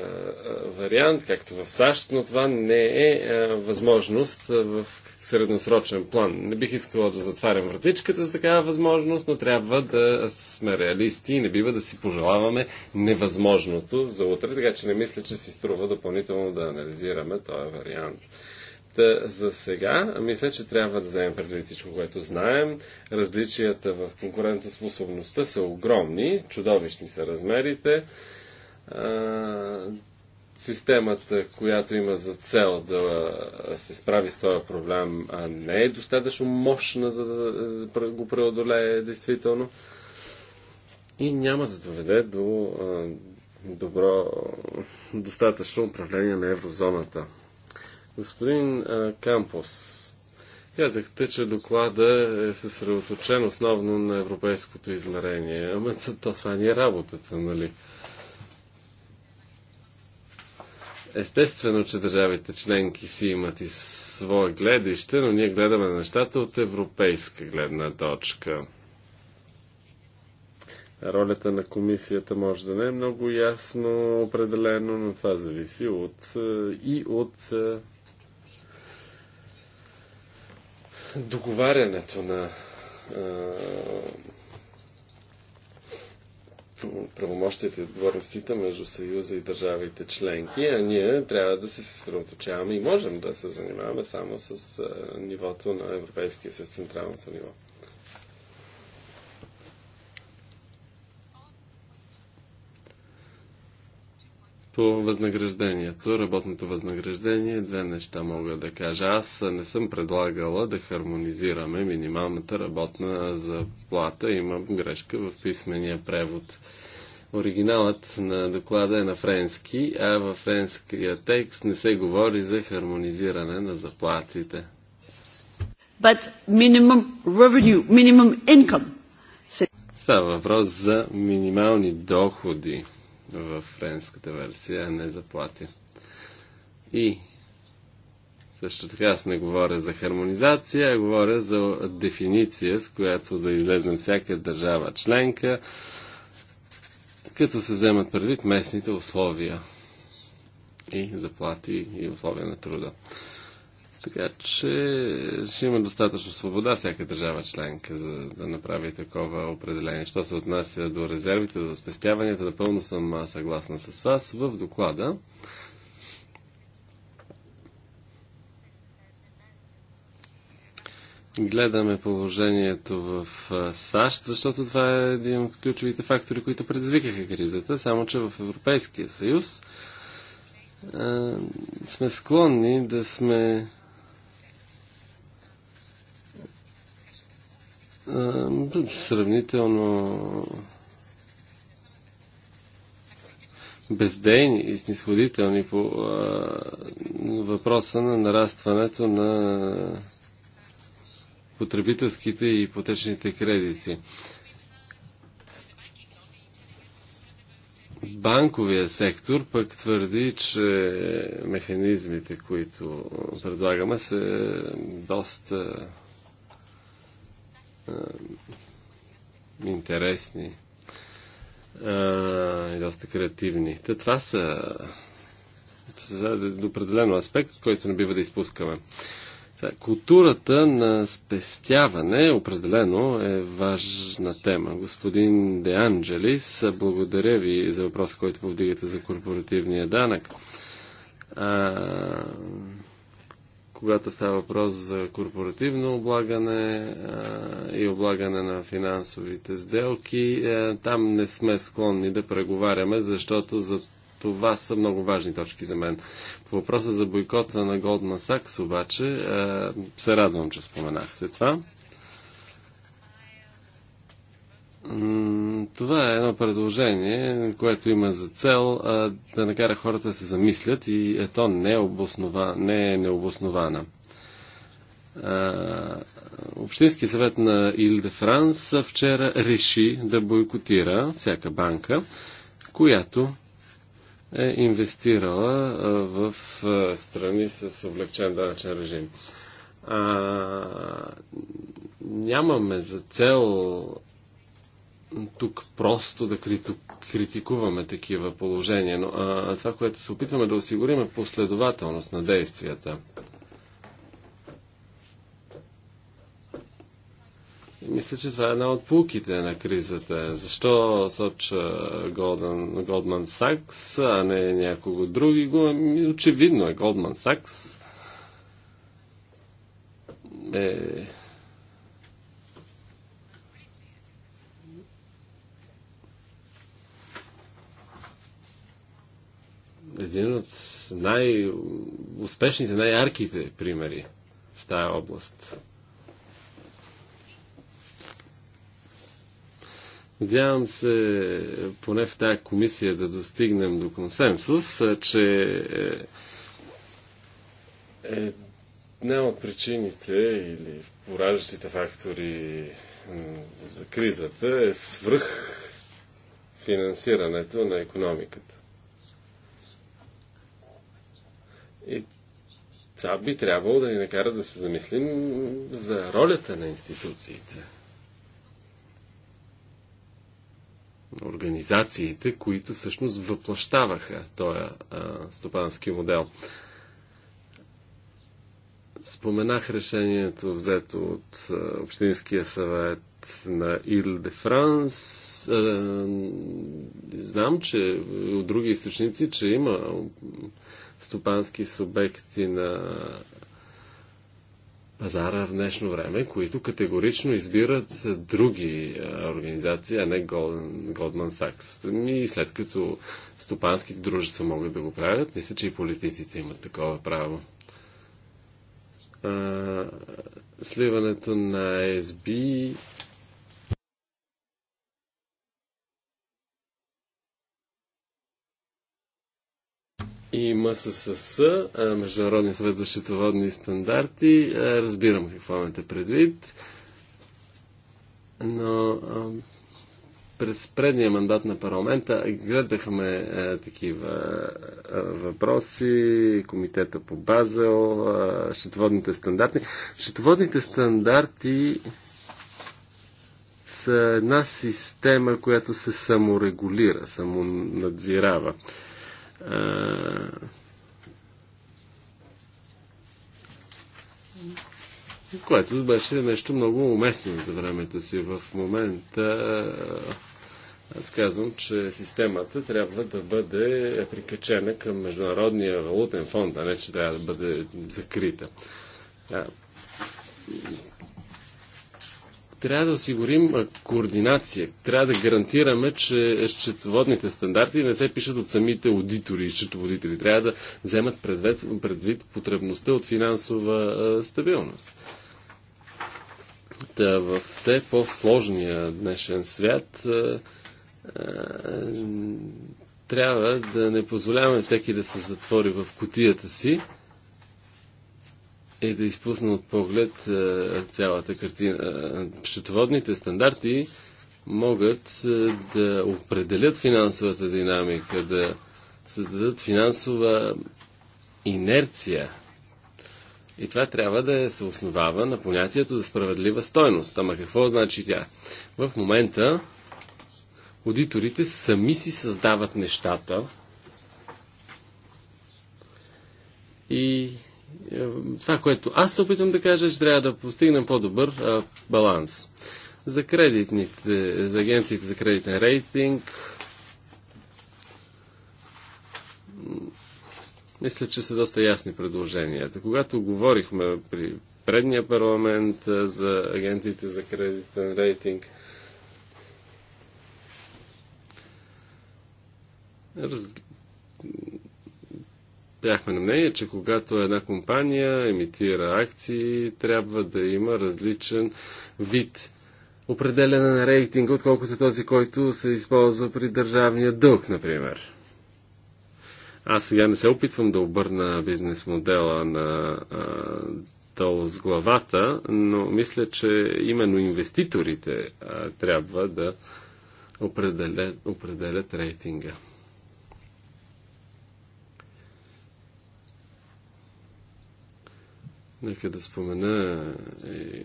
вариант, както в САЩ, но това не е а, възможност в средносрочен план. Не бих искала да затварям вратичката за такава възможност, но трябва да сме реалисти и не бива да си пожелаваме невъзможното за утре, така че не мисля, че си струва допълнително да анализираме този вариант. Та, за сега, мисля, че трябва да вземем преди всичко, което знаем. Различията в конкурентоспособността са огромни, чудовищни са размерите. А, системата, която има за цел да се справи с този проблем, не е достатъчно мощна, за да е, го преодолее действително. И няма да доведе до добро, достатъчно управление на еврозоната. Господин Кампос, казахте, че доклада е съсредоточен основно на европейското измерение. Ама то това ни е работата, нали? Естествено, че държавите членки си имат и свое гледище, но ние гледаме нещата от европейска гледна точка. Ролята на комисията може да не е много ясно определено, но това зависи от, и от договарянето на правомощите и отговорностите между Съюза и държавите членки, а ние трябва да се съсредоточаваме и можем да се занимаваме само с нивото на Европейския съюз, централното ниво. По възнаграждението, работното възнаграждение, две неща мога да кажа. Аз не съм предлагала да хармонизираме минималната работна заплата. Има грешка в писмения превод. Оригиналът на доклада е на френски, а във френския текст не се говори за хармонизиране на заплатите. But minimum revenue, minimum income. Става въпрос за минимални доходи в френската версия, а не заплати. И също така аз не говоря за хармонизация, а говоря за дефиниция, с която да излезе всяка държава членка, като се вземат предвид местните условия и заплати и условия на труда. Така че ще има достатъчно свобода всяка държава членка за да направи такова определение. Що се отнася до резервите, до спестяванията, напълно съм съгласна с вас. В доклада гледаме положението в САЩ, защото това е един от ключовите фактори, които предизвикаха кризата, само че в Европейския съюз сме склонни да сме сравнително бездейни и снисходителни по а, въпроса на нарастването на потребителските и ипотечните кредити. Банковия сектор пък твърди, че механизмите, които предлагаме, са доста интересни и доста креативни. Те, това са е до определено аспект, който не бива да изпускаме. Културата на спестяване определено е важна тема. Господин Де Анджелис, благодаря ви за въпроса, който повдигате за корпоративния данък. А, когато става въпрос за корпоративно облагане а, и облагане на финансовите сделки, а, е, там не сме склонни да преговаряме, защото за това са много важни точки за мен. По въпроса за бойкота на Goldman Sachs обаче а, е, се радвам, че споменахте това. Това е едно предложение, което има за цел а, да накара хората да се замислят и ето не е, обоснова, не е необоснована. А, Общински съвет на Ил де Франс вчера реши да бойкотира всяка банка, която е инвестирала а, в страни с облегчен данъчен режим. А, нямаме за цел тук просто да критикуваме такива положения, но а, това, което се опитваме да осигурим е последователност на действията. И мисля, че това е една от пулките на кризата. Защо соча Голдман, Голдман Сакс, а не някого други? Очевидно е Голдман Сакс. Е, един от най-успешните, най-ярките примери в тая област. Надявам се, поне в тази комисия да достигнем до консенсус, че е, е една от причините или поражащите фактори за кризата е свръх финансирането на економиката. И това би трябвало да ни накара да се замислим за ролята на институциите. Организациите, които всъщност въплащаваха този стопански модел. Споменах решението взето от Общинския съвет на Ил де Франс. Знам, че от други източници, че има стопански субекти на пазара в днешно време, които категорично избират други организации, а не Goldman Sachs. Ами, и след като стопанските дружества могат да го правят, мисля, че и политиците имат такова право. сливането на SB и МССС, Международния съвет за счетоводни стандарти. Разбирам какво имате предвид, но през предния мандат на парламента гледахме е, такива е, въпроси, комитета по Базел, е, счетоводните стандарти. Счетоводните стандарти са една система, която се саморегулира, самонадзирава. Е, е, което беше нещо много уместно за времето си. В момента е, аз казвам, че системата трябва да бъде прикачена към Международния валутен фонд, а не че трябва да бъде закрита. Е, трябва да осигурим координация. Трябва да гарантираме, че счетоводните стандарти не се пишат от самите аудитори и счетоводители. Трябва да вземат предвид, предвид потребността от финансова стабилност. Та в все по-сложния днешен свят трябва да не позволяваме всеки да се затвори в котията си е да изпусна от поглед цялата картина. Счетоводните стандарти могат да определят финансовата динамика, да създадат финансова инерция. И това трябва да се основава на понятието за справедлива стойност. Ама какво значи тя? В момента аудиторите сами си създават нещата и е, това, което аз се опитвам да кажа, е, че трябва да постигнем по-добър баланс. За кредитните, за агенциите за кредитен рейтинг, мисля, че са доста ясни предложенията. Когато говорихме при предния парламент за агенциите за кредитен рейтинг, раз бяхме на мнение, че когато една компания емитира акции, трябва да има различен вид определена на рейтинга, отколкото този, който се използва при държавния дълг, например. Аз сега не се опитвам да обърна бизнес модела на а, долу с главата, но мисля, че именно инвеститорите а, трябва да определят, определят рейтинга. Нека да спомена и е,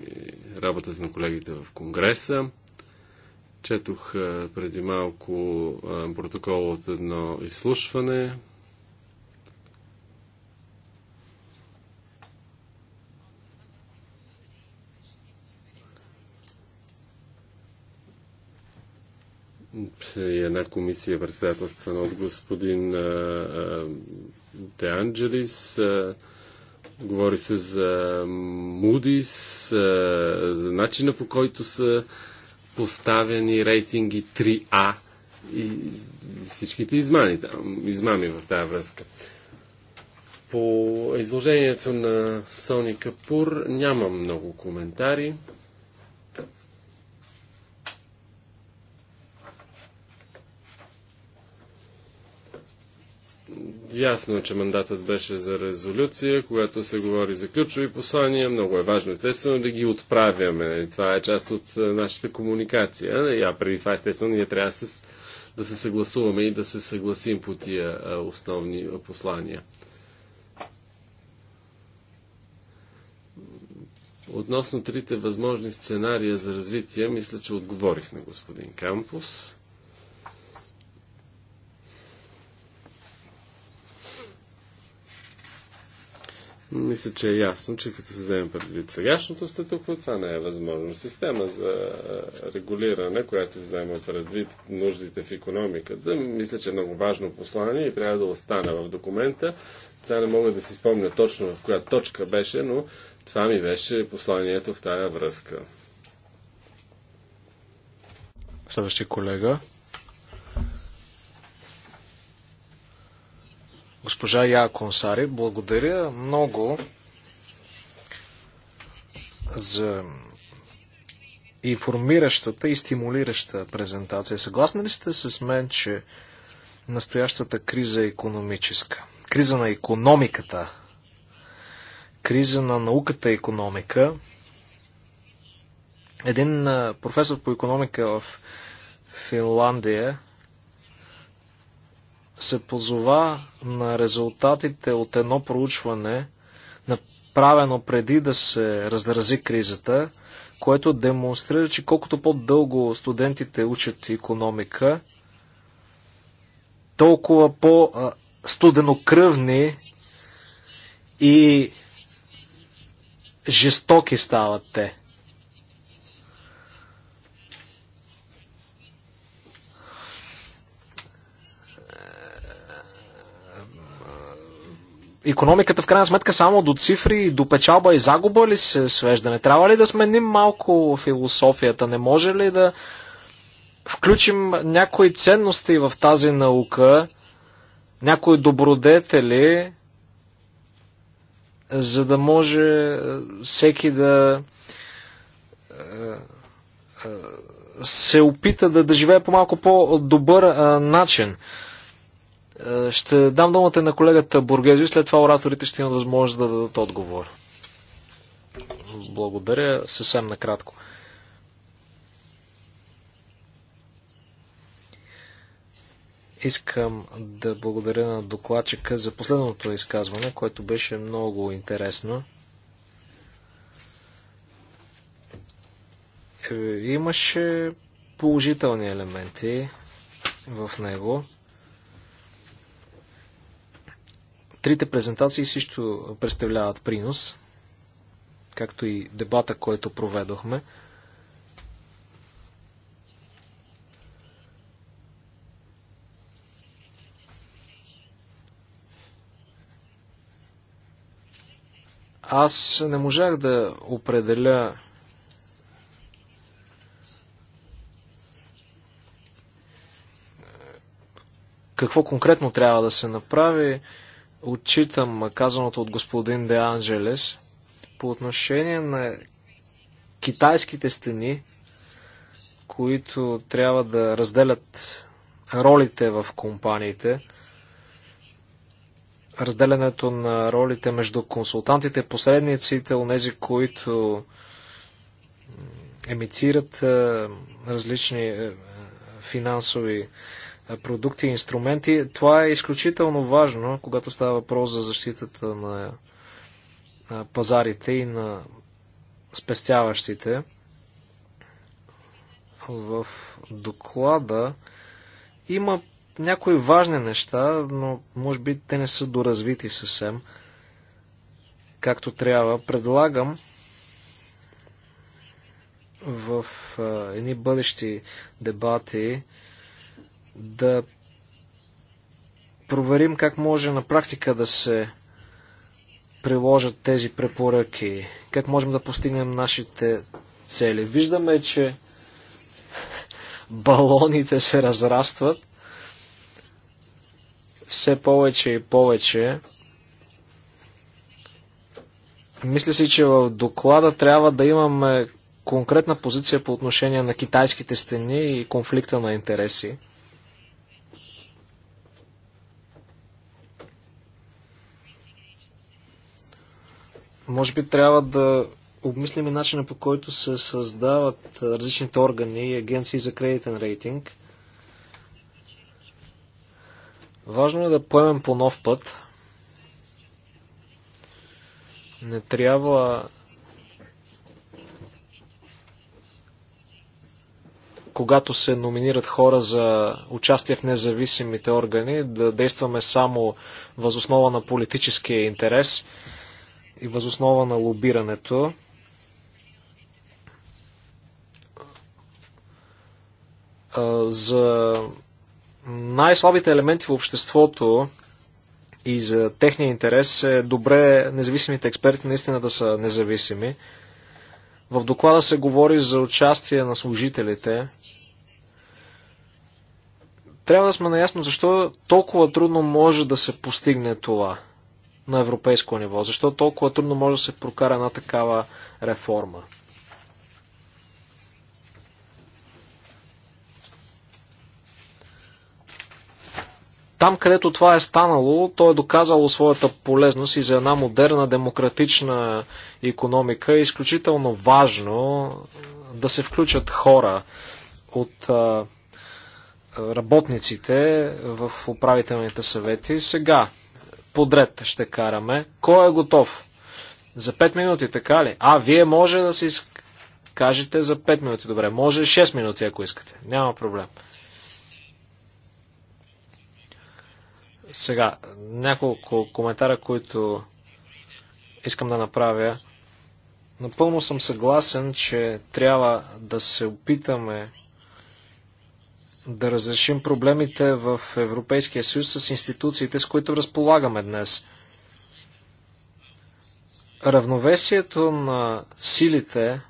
работата на колегите в Конгреса. Четох е, преди малко е, протокол от едно изслушване, една комисия, председателствана от господин Де Анджелис. Говори се за Moody's, за начина по който са поставени рейтинги 3А и всичките измами, измами в тази връзка. По изложението на Сони Капур няма много коментари. Ясно е, че мандатът беше за резолюция, когато се говори за ключови послания. Много е важно, естествено, да ги отправяме. Това е част от е, нашата комуникация. А преди това, естествено, ние трябва да се, да се съгласуваме и да се съгласим по тия е, основни е, послания. Относно трите възможни сценария за развитие, мисля, че отговорих на господин Кампус. Мисля, че е ясно, че като се вземем предвид сегашното статукво, това не е възможно. Система за регулиране, която взема предвид нуждите в економиката, мисля, че е много важно послание и трябва да остане в документа. Сега не мога да си спомня точно в коя точка беше, но това ми беше посланието в тая връзка. Следващия колега. госпожа Я Консари. Благодаря много за информиращата и стимулираща презентация. Съгласни ли сте с мен, че настоящата криза е економическа? Криза на економиката, криза на науката и економика. Един професор по економика в Финландия се позова на резултатите от едно проучване, направено преди да се раздрази кризата, което демонстрира, че колкото по-дълго студентите учат економика, толкова по-студенокръвни и жестоки стават те. економиката в крайна сметка само до цифри, до печалба и загуба ли се свежда? Не трябва ли да сменим малко философията? Не може ли да включим някои ценности в тази наука, някои добродетели, за да може е, всеки да е, е, се опита да, да живее по малко по-добър начин. Е, ще дам думата на колегата Бургезио, след това ораторите ще имат възможност да дадат отговор. Благодаря, съвсем накратко. Искам да благодаря на докладчика за последното изказване, което беше много интересно. Е, имаше положителни елементи в него. Трите презентации също представляват принос, както и дебата, който проведохме. Аз не можах да определя какво конкретно трябва да се направи. Отчитам казаното от господин Де Анджелес. По отношение на китайските стени, които трябва да разделят ролите в компаниите, разделянето на ролите между консултантите, посредниците, онези, които емитират различни финансови продукти и инструменти. Това е изключително важно, когато става въпрос за защитата на пазарите и на спестяващите. В доклада има някои важни неща, но може би те не са доразвити съвсем както трябва. Предлагам в едни бъдещи дебати да проверим как може на практика да се приложат тези препоръки, как можем да постигнем нашите цели. Виждаме, че балоните се разрастват все повече и повече. Мисля си, че в доклада трябва да имаме конкретна позиция по отношение на китайските стени и конфликта на интереси. Може би трябва да обмислим и начина по който се създават различните органи и агенции за кредитен рейтинг. Важно е да поемем по нов път. Не трябва когато се номинират хора за участие в независимите органи, да действаме само възоснова на политическия интерес – и възоснова на лобирането. За най-слабите елементи в обществото и за техния интерес е добре независимите експерти наистина да са независими. В доклада се говори за участие на служителите. Трябва да сме наясно защо толкова трудно може да се постигне това – на европейско ниво? Защо толкова трудно може да се прокара една такава реформа? Там, където това е станало, то е доказало своята полезност и за една модерна демократична економика. Е изключително важно да се включат хора от работниците в управителните съвети. Сега подред ще караме. Кой е готов? За 5 минути, така ли? А, вие може да си кажете за 5 минути. Добре, може 6 минути, ако искате. Няма проблем. Сега, няколко коментара, които искам да направя. Напълно съм съгласен, че трябва да се опитаме да разрешим проблемите в Европейския съюз с институциите, с които разполагаме днес. Равновесието на силите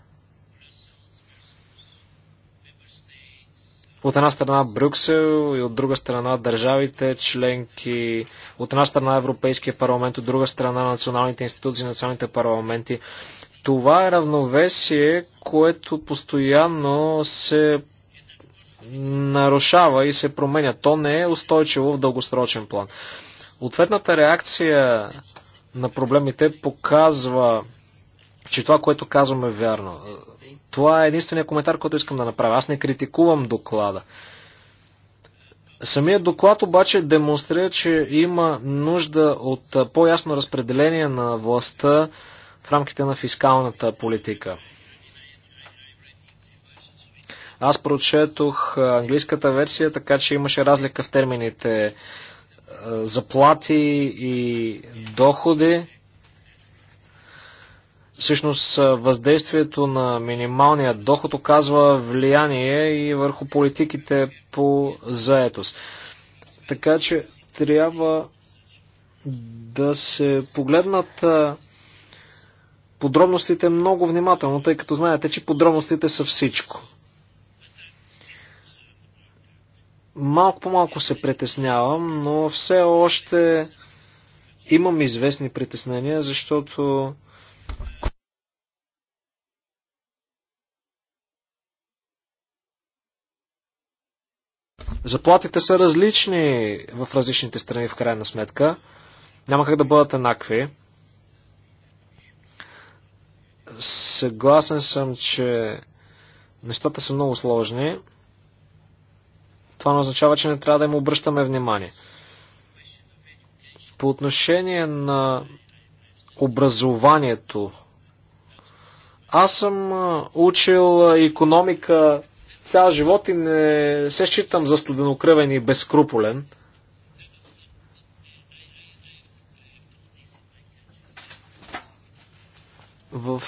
от една страна Брюксел и от друга страна държавите членки, от една страна Европейския парламент, от друга страна националните институции, националните парламенти. Това е равновесие, което постоянно се нарушава и се променя. То не е устойчиво в дългосрочен план. Ответната реакция на проблемите показва, че това, което казвам е вярно. Това е единствения коментар, който искам да направя. Аз не критикувам доклада. Самият доклад обаче демонстрира, че има нужда от по-ясно разпределение на властта в рамките на фискалната политика. Аз прочетох английската версия, така че имаше разлика в термините заплати и доходи. Всъщност въздействието на минималния доход оказва влияние и върху политиките по заетост. Така че трябва да се погледнат подробностите много внимателно, тъй като знаете, че подробностите са всичко. малко по-малко се притеснявам, но все още имам известни притеснения, защото Заплатите са различни в различните страни, в крайна сметка. Няма как да бъдат еднакви. Съгласен съм, че нещата са много сложни. Това не означава, че не трябва да им обръщаме внимание. По отношение на образованието, аз съм учил економика цял живот и не се считам за студенокръвен и безкруполен. В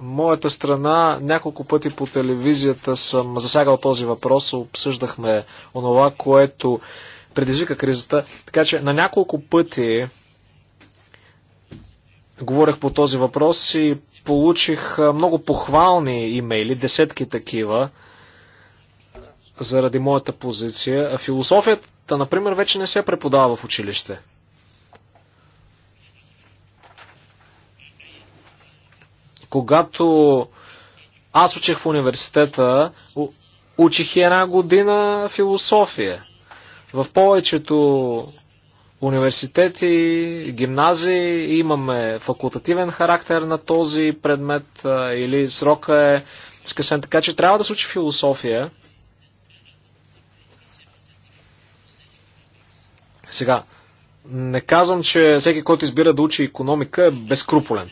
моята страна няколко пъти по телевизията съм засягал този въпрос, обсъждахме онова, което предизвика кризата. Така че на няколко пъти говорех по този въпрос и получих много похвални имейли, десетки такива, заради моята позиция. Философията, например, вече не се преподава в училище. Когато аз учех в университета, учих и една година философия. В повечето университети, гимназии имаме факултативен характер на този предмет или срока е скъсен, така че трябва да се учи философия. Сега, не казвам, че всеки, който избира да учи економика е безкруполен.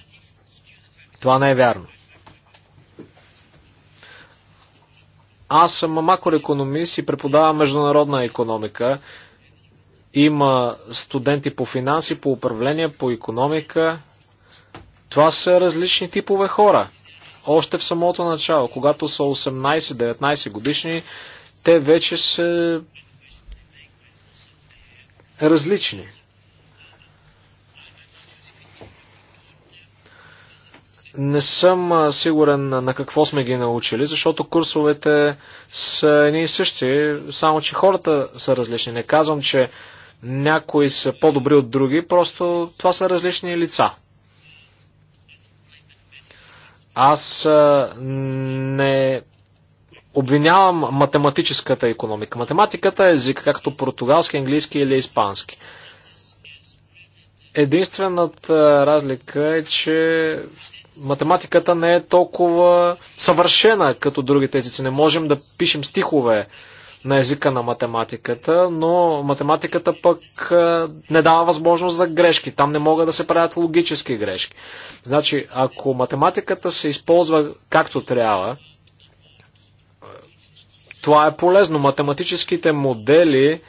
Това не е вярно. Аз съм макроекономист и преподавам международна економика. Има студенти по финанси, по управление, по економика. Това са различни типове хора. Още в самото начало, когато са 18-19 годишни, те вече са различни. Не съм сигурен на какво сме ги научили, защото курсовете са едни и същи, само че хората са различни. Не казвам, че някои са по-добри от други, просто това са различни лица. Аз не обвинявам математическата економика. Математиката е език, както португалски, английски или испански. Единствената разлика е, че математиката не е толкова съвършена като другите езици. Не можем да пишем стихове на езика на математиката, но математиката пък не дава възможност за грешки. Там не могат да се правят логически грешки. Значи, ако математиката се използва както трябва, това е полезно. Математическите модели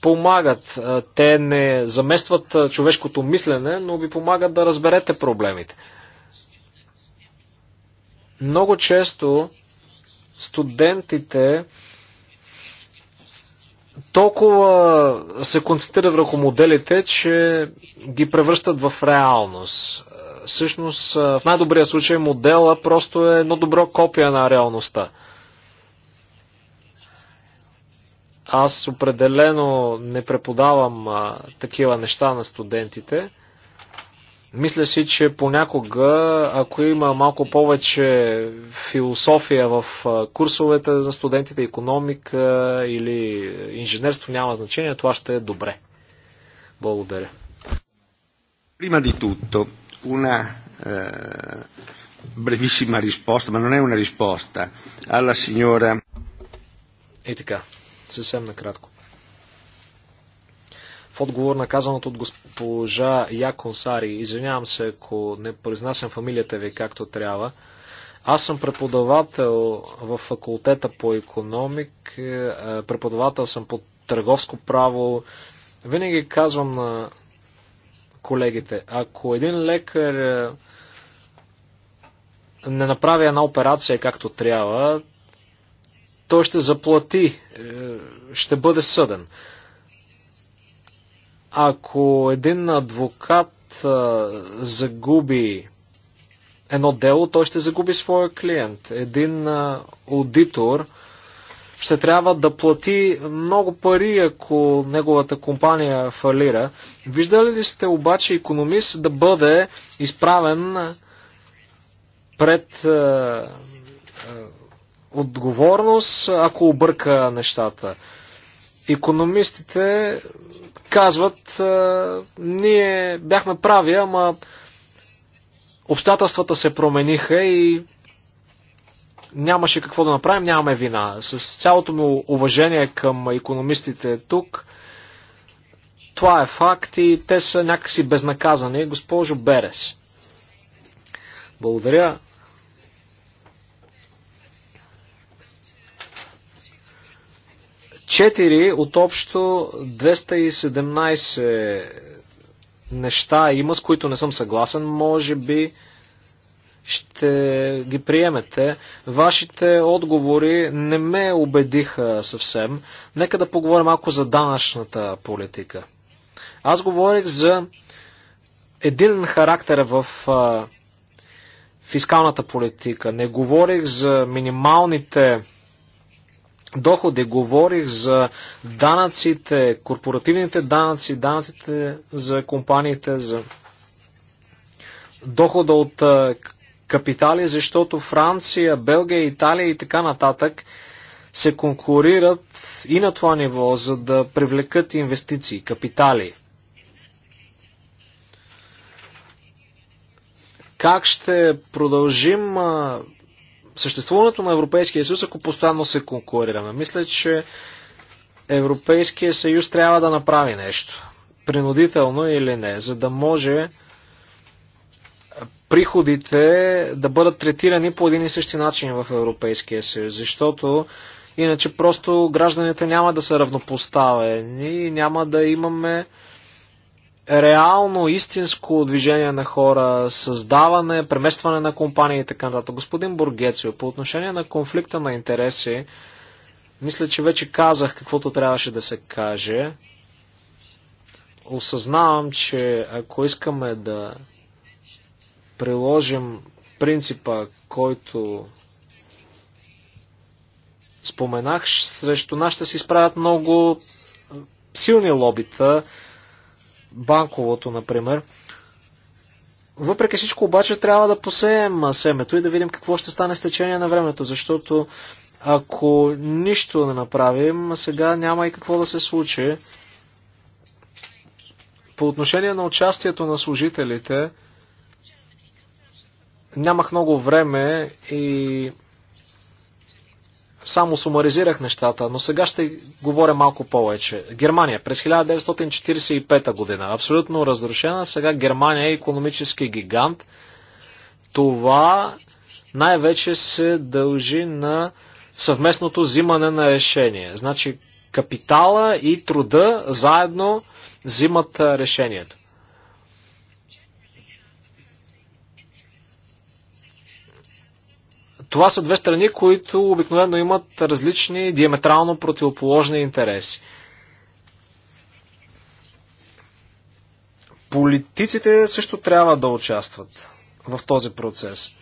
помагат. Те не заместват човешкото мислене, но ви помагат да разберете проблемите. Много често студентите толкова се концентрират върху моделите, че ги превръщат в реалност. Всъщност, в най-добрия случай модела просто е едно добро копия на реалността. Аз определено не преподавам а, такива неща на студентите. Мисля си, че понякога, ако има малко повече философия в курсовете за студентите, економика или инженерство, няма значение, това ще е добре. Благодаря. Prima di tutto, una eh, brevissima risposta, ma non è una risposta, alla signora. E така, съвсем накратко. В отговор на казаното от госпожа Яконсари, извинявам се, ако не произнасям фамилията ви както трябва, аз съм преподавател в факултета по економик, е, преподавател съм по търговско право. Винаги казвам на колегите, ако един лекар е, не направи една операция както трябва, той ще заплати, е, ще бъде съден. Ако един адвокат а, загуби едно дело, той ще загуби своя клиент. Един а, аудитор ще трябва да плати много пари, ако неговата компания фалира. Виждали ли сте обаче економист да бъде изправен пред а, отговорност, ако обърка нещата? Економистите казват, ние бяхме прави, ама обстоятелствата се промениха и нямаше какво да направим, нямаме вина. С цялото ми уважение към економистите тук, това е факт и те са някакси безнаказани. Госпожо Берес, благодаря 4 от общо 217 неща има, с които не съм съгласен. Може би ще ги приемете. Вашите отговори не ме убедиха съвсем. Нека да поговорим малко за данъчната политика. Аз говорих за един характер в а, фискалната политика. Не говорих за минималните доходи, говорих за данъците, корпоративните данъци, данъците за компаниите, за дохода от капитали, защото Франция, Белгия, Италия и така нататък се конкурират и на това ниво, за да привлекат инвестиции, капитали. Как ще продължим съществуването на Европейския съюз, ако постоянно се конкурираме. Мисля, че Европейския съюз трябва да направи нещо. Принудително или не, за да може приходите да бъдат третирани по един и същи начин в Европейския съюз, защото иначе просто гражданите няма да са равнопоставени и няма да имаме реално, истинско движение на хора, създаване, преместване на компании и така нататък. Господин Бургецио, по отношение на конфликта на интереси, мисля, че вече казах каквото трябваше да се каже. Осъзнавам, че ако искаме да приложим принципа, който споменах, срещу нас ще се изправят много силни лобита, банковото, например. Въпреки всичко, обаче, трябва да посеем семето и да видим какво ще стане с течение на времето, защото ако нищо не направим, сега няма и какво да се случи. По отношение на участието на служителите, нямах много време и само сумаризирах нещата, но сега ще говоря малко повече. Германия през 1945 година, абсолютно разрушена, сега Германия е економически гигант. Това най-вече се дължи на съвместното взимане на решение. Значи капитала и труда заедно взимат решението. Това са две страни, които обикновено имат различни диаметрално противоположни интереси. Политиците също трябва да участват в този процес.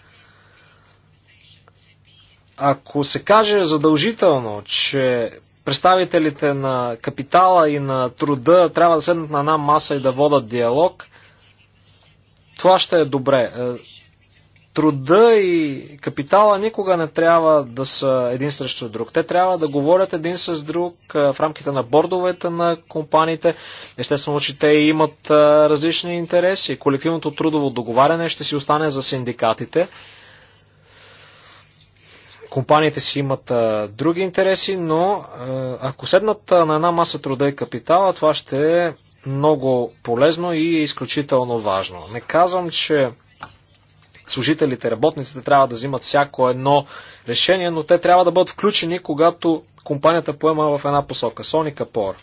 Ако се каже задължително, че представителите на капитала и на труда трябва да седнат на една маса и да водат диалог, това ще е добре. Е, труда и капитала никога не трябва да са един срещу друг. Те трябва да говорят един с друг в рамките на бордовете на компаниите. Естествено, че те имат различни интереси. Колективното трудово договаряне ще си остане за синдикатите. Компаниите си имат а, други интереси, но а, ако седнат а, на една маса труда и капитала, това ще е много полезно и изключително важно. Не казвам, че служителите, работниците трябва да взимат всяко едно решение, но те трябва да бъдат включени, когато компанията поема в една посока. Sony Капор.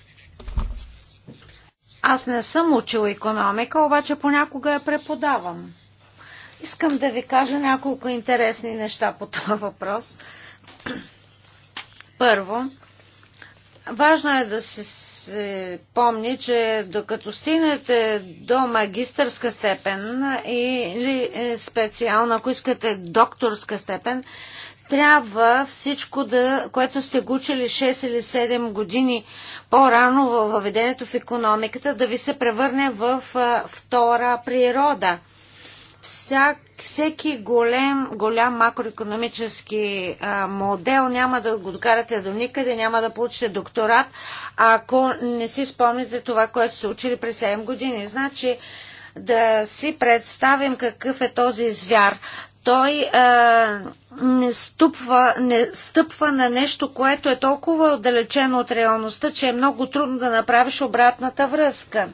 Аз не съм учил економика, обаче понякога я преподавам. Искам да ви кажа няколко интересни неща по това въпрос. Първо, Важно е да се, помни, че докато стигнете до магистърска степен или е, специално, ако искате докторска степен, трябва всичко, да, което сте го учили 6 или 7 години по-рано във въведението в економиката, да ви се превърне в е, втора природа – всяк, всеки голем, голям макроекономически а, модел няма да го докарате до никъде, няма да получите докторат, ако не си спомните това, което са учили през 7 години. Значи да си представим какъв е този звяр. Той а, не, ступва, не стъпва на нещо, което е толкова отдалечено от реалността, че е много трудно да направиш обратната връзка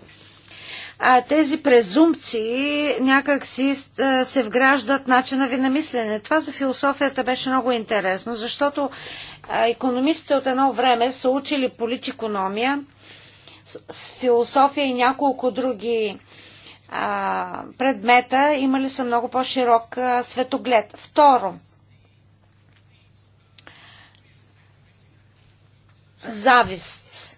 а, тези презумпции някакси се вграждат начина ви на мислене. Това за философията беше много интересно, защото а, економистите от едно време са учили политикономия, с философия и няколко други а, предмета имали са много по-широк светоглед. Второ, завист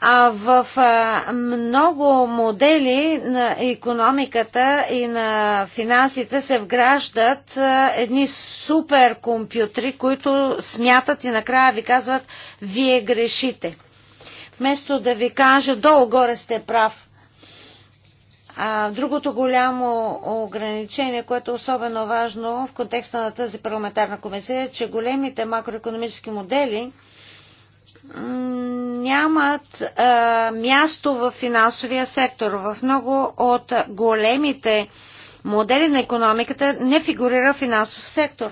а в а, много модели на економиката и на финансите се вграждат а, едни суперкомпютри, които смятат и накрая ви казват, вие грешите. Вместо да ви кажа, долу-горе сте прав. А, другото голямо ограничение, което е особено важно в контекста на тази парламентарна комисия, е, че големите макроекономически модели – нямат а, място в финансовия сектор. В много от големите модели на економиката не фигурира финансов сектор.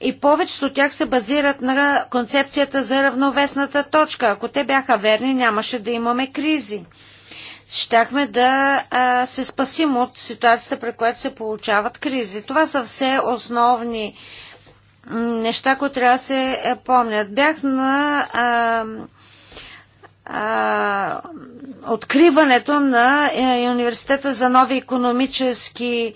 И повечето от тях се базират на концепцията за равновесната точка. Ако те бяха верни, нямаше да имаме кризи. Щяхме да а, се спасим от ситуацията, при която се получават кризи. Това са все основни неща, които трябва да се е, помнят. Бях на а, а, откриването на е, Университета за нови економически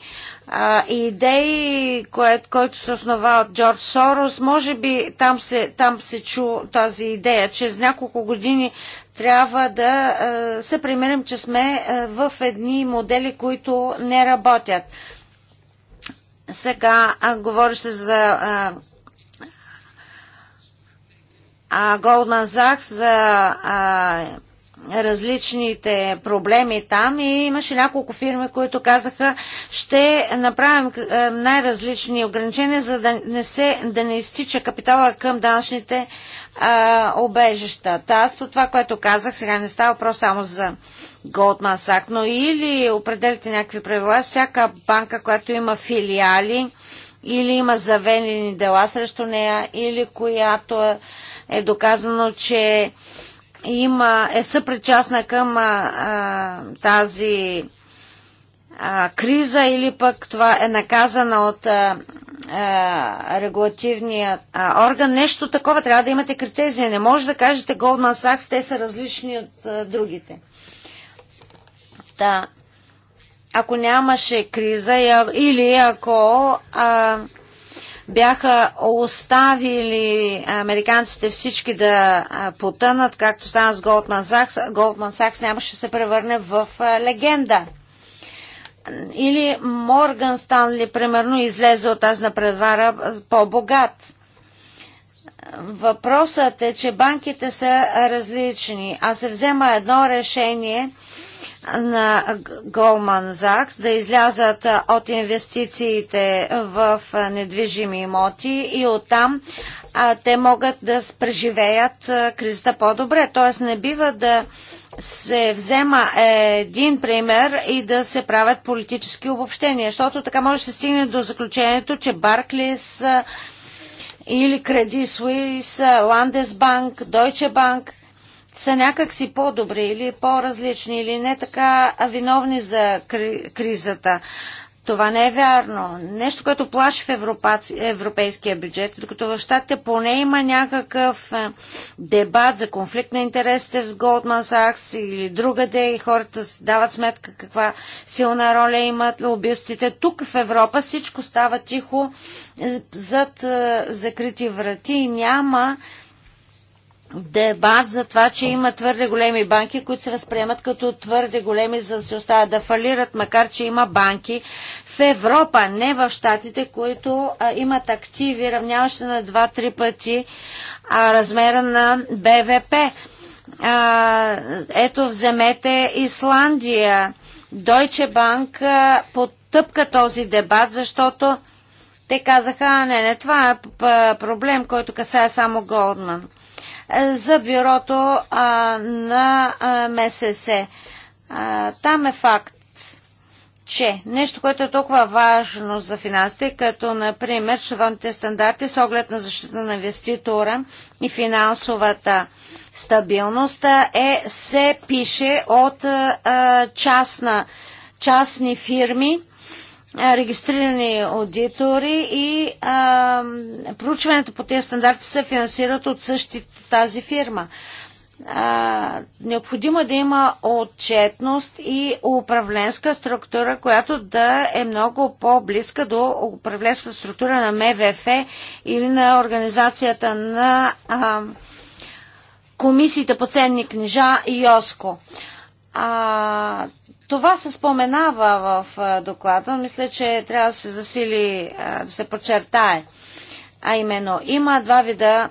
а, идеи, кое, който се основа от Джордж Сорос. Може би там се, там се чу тази идея, че с няколко години трябва да а, се примерим, че сме а, в едни модели, които не работят. Сега а, говореше за а, а, Goldman Sachs, за а, различните проблеми там и имаше няколко фирми, които казаха, ще направим е, най-различни ограничения, за да не, се, да не изтича капитала към данъчните а, е, обежища. Та, аз от това, което казах, сега не става въпрос само за Goldman Sachs, но или определите някакви правила, всяка банка, която има филиали, или има завенени дела срещу нея, или която е доказано, че има, е съпричастна към а, а, тази а, криза или пък това е наказана от а, а, регулативния а, орган. Нещо такова трябва да имате критезия. Не може да кажете Goldman Sachs, те са различни от а, другите. Та, ако нямаше криза или ако а, бяха оставили американците всички да потънат, както стана с Голдман Сакс, Голдман Сакс нямаше да се превърне в легенда. Или Морган Станли, примерно, излезе от тази напредвара по-богат. Въпросът е, че банките са различни, а се взема едно решение – на Goldman Sachs да излязат от инвестициите в недвижими имоти и оттам а, те могат да преживеят кризата по-добре. Тоест не бива да се взема е, един пример и да се правят политически обобщения, защото така може да се стигне до заключението, че Барклис или Кредит Суис, Банк, Дойче Банк са някакси по-добри или по-различни или не така виновни за кризата. Това не е вярно. Нещо, което плаши в европейския бюджет, е докато в щатите поне има някакъв е, дебат за конфликт на интересите в Goldman Sachs или другаде и хората дават сметка каква силна роля имат лобистите. Тук в Европа всичко става тихо е, зад закрити врати и няма дебат за това, че има твърде големи банки, които се възприемат като твърде големи, за да се оставят да фалират, макар че има банки в Европа, не в Штатите, които а, имат активи, равняващи на 2-3 пъти а, размера на БВП. А, ето, вземете Исландия. Дойче банк а, потъпка този дебат, защото те казаха, а не, не, това е проблем, който касае само Голдман. Е, за бюрото на МСС. Там е факт, че нещо, което е толкова важно за финансите, като например счетоводните стандарти с оглед на защита на инвеститора и финансовата стабилност, е, се пише от а, частна, частни фирми, регистрирани аудитори и а, проучването по тези стандарти се финансират от същата тази фирма. А, необходимо е да има отчетност и управленска структура, която да е много по-близка до управленска структура на МВФ или на организацията на а, комисиите по ценни книжа и ЙОСКО. А, това се споменава в е, доклада, но мисля, че трябва да се засили, е, да се подчертае. А именно, има два вида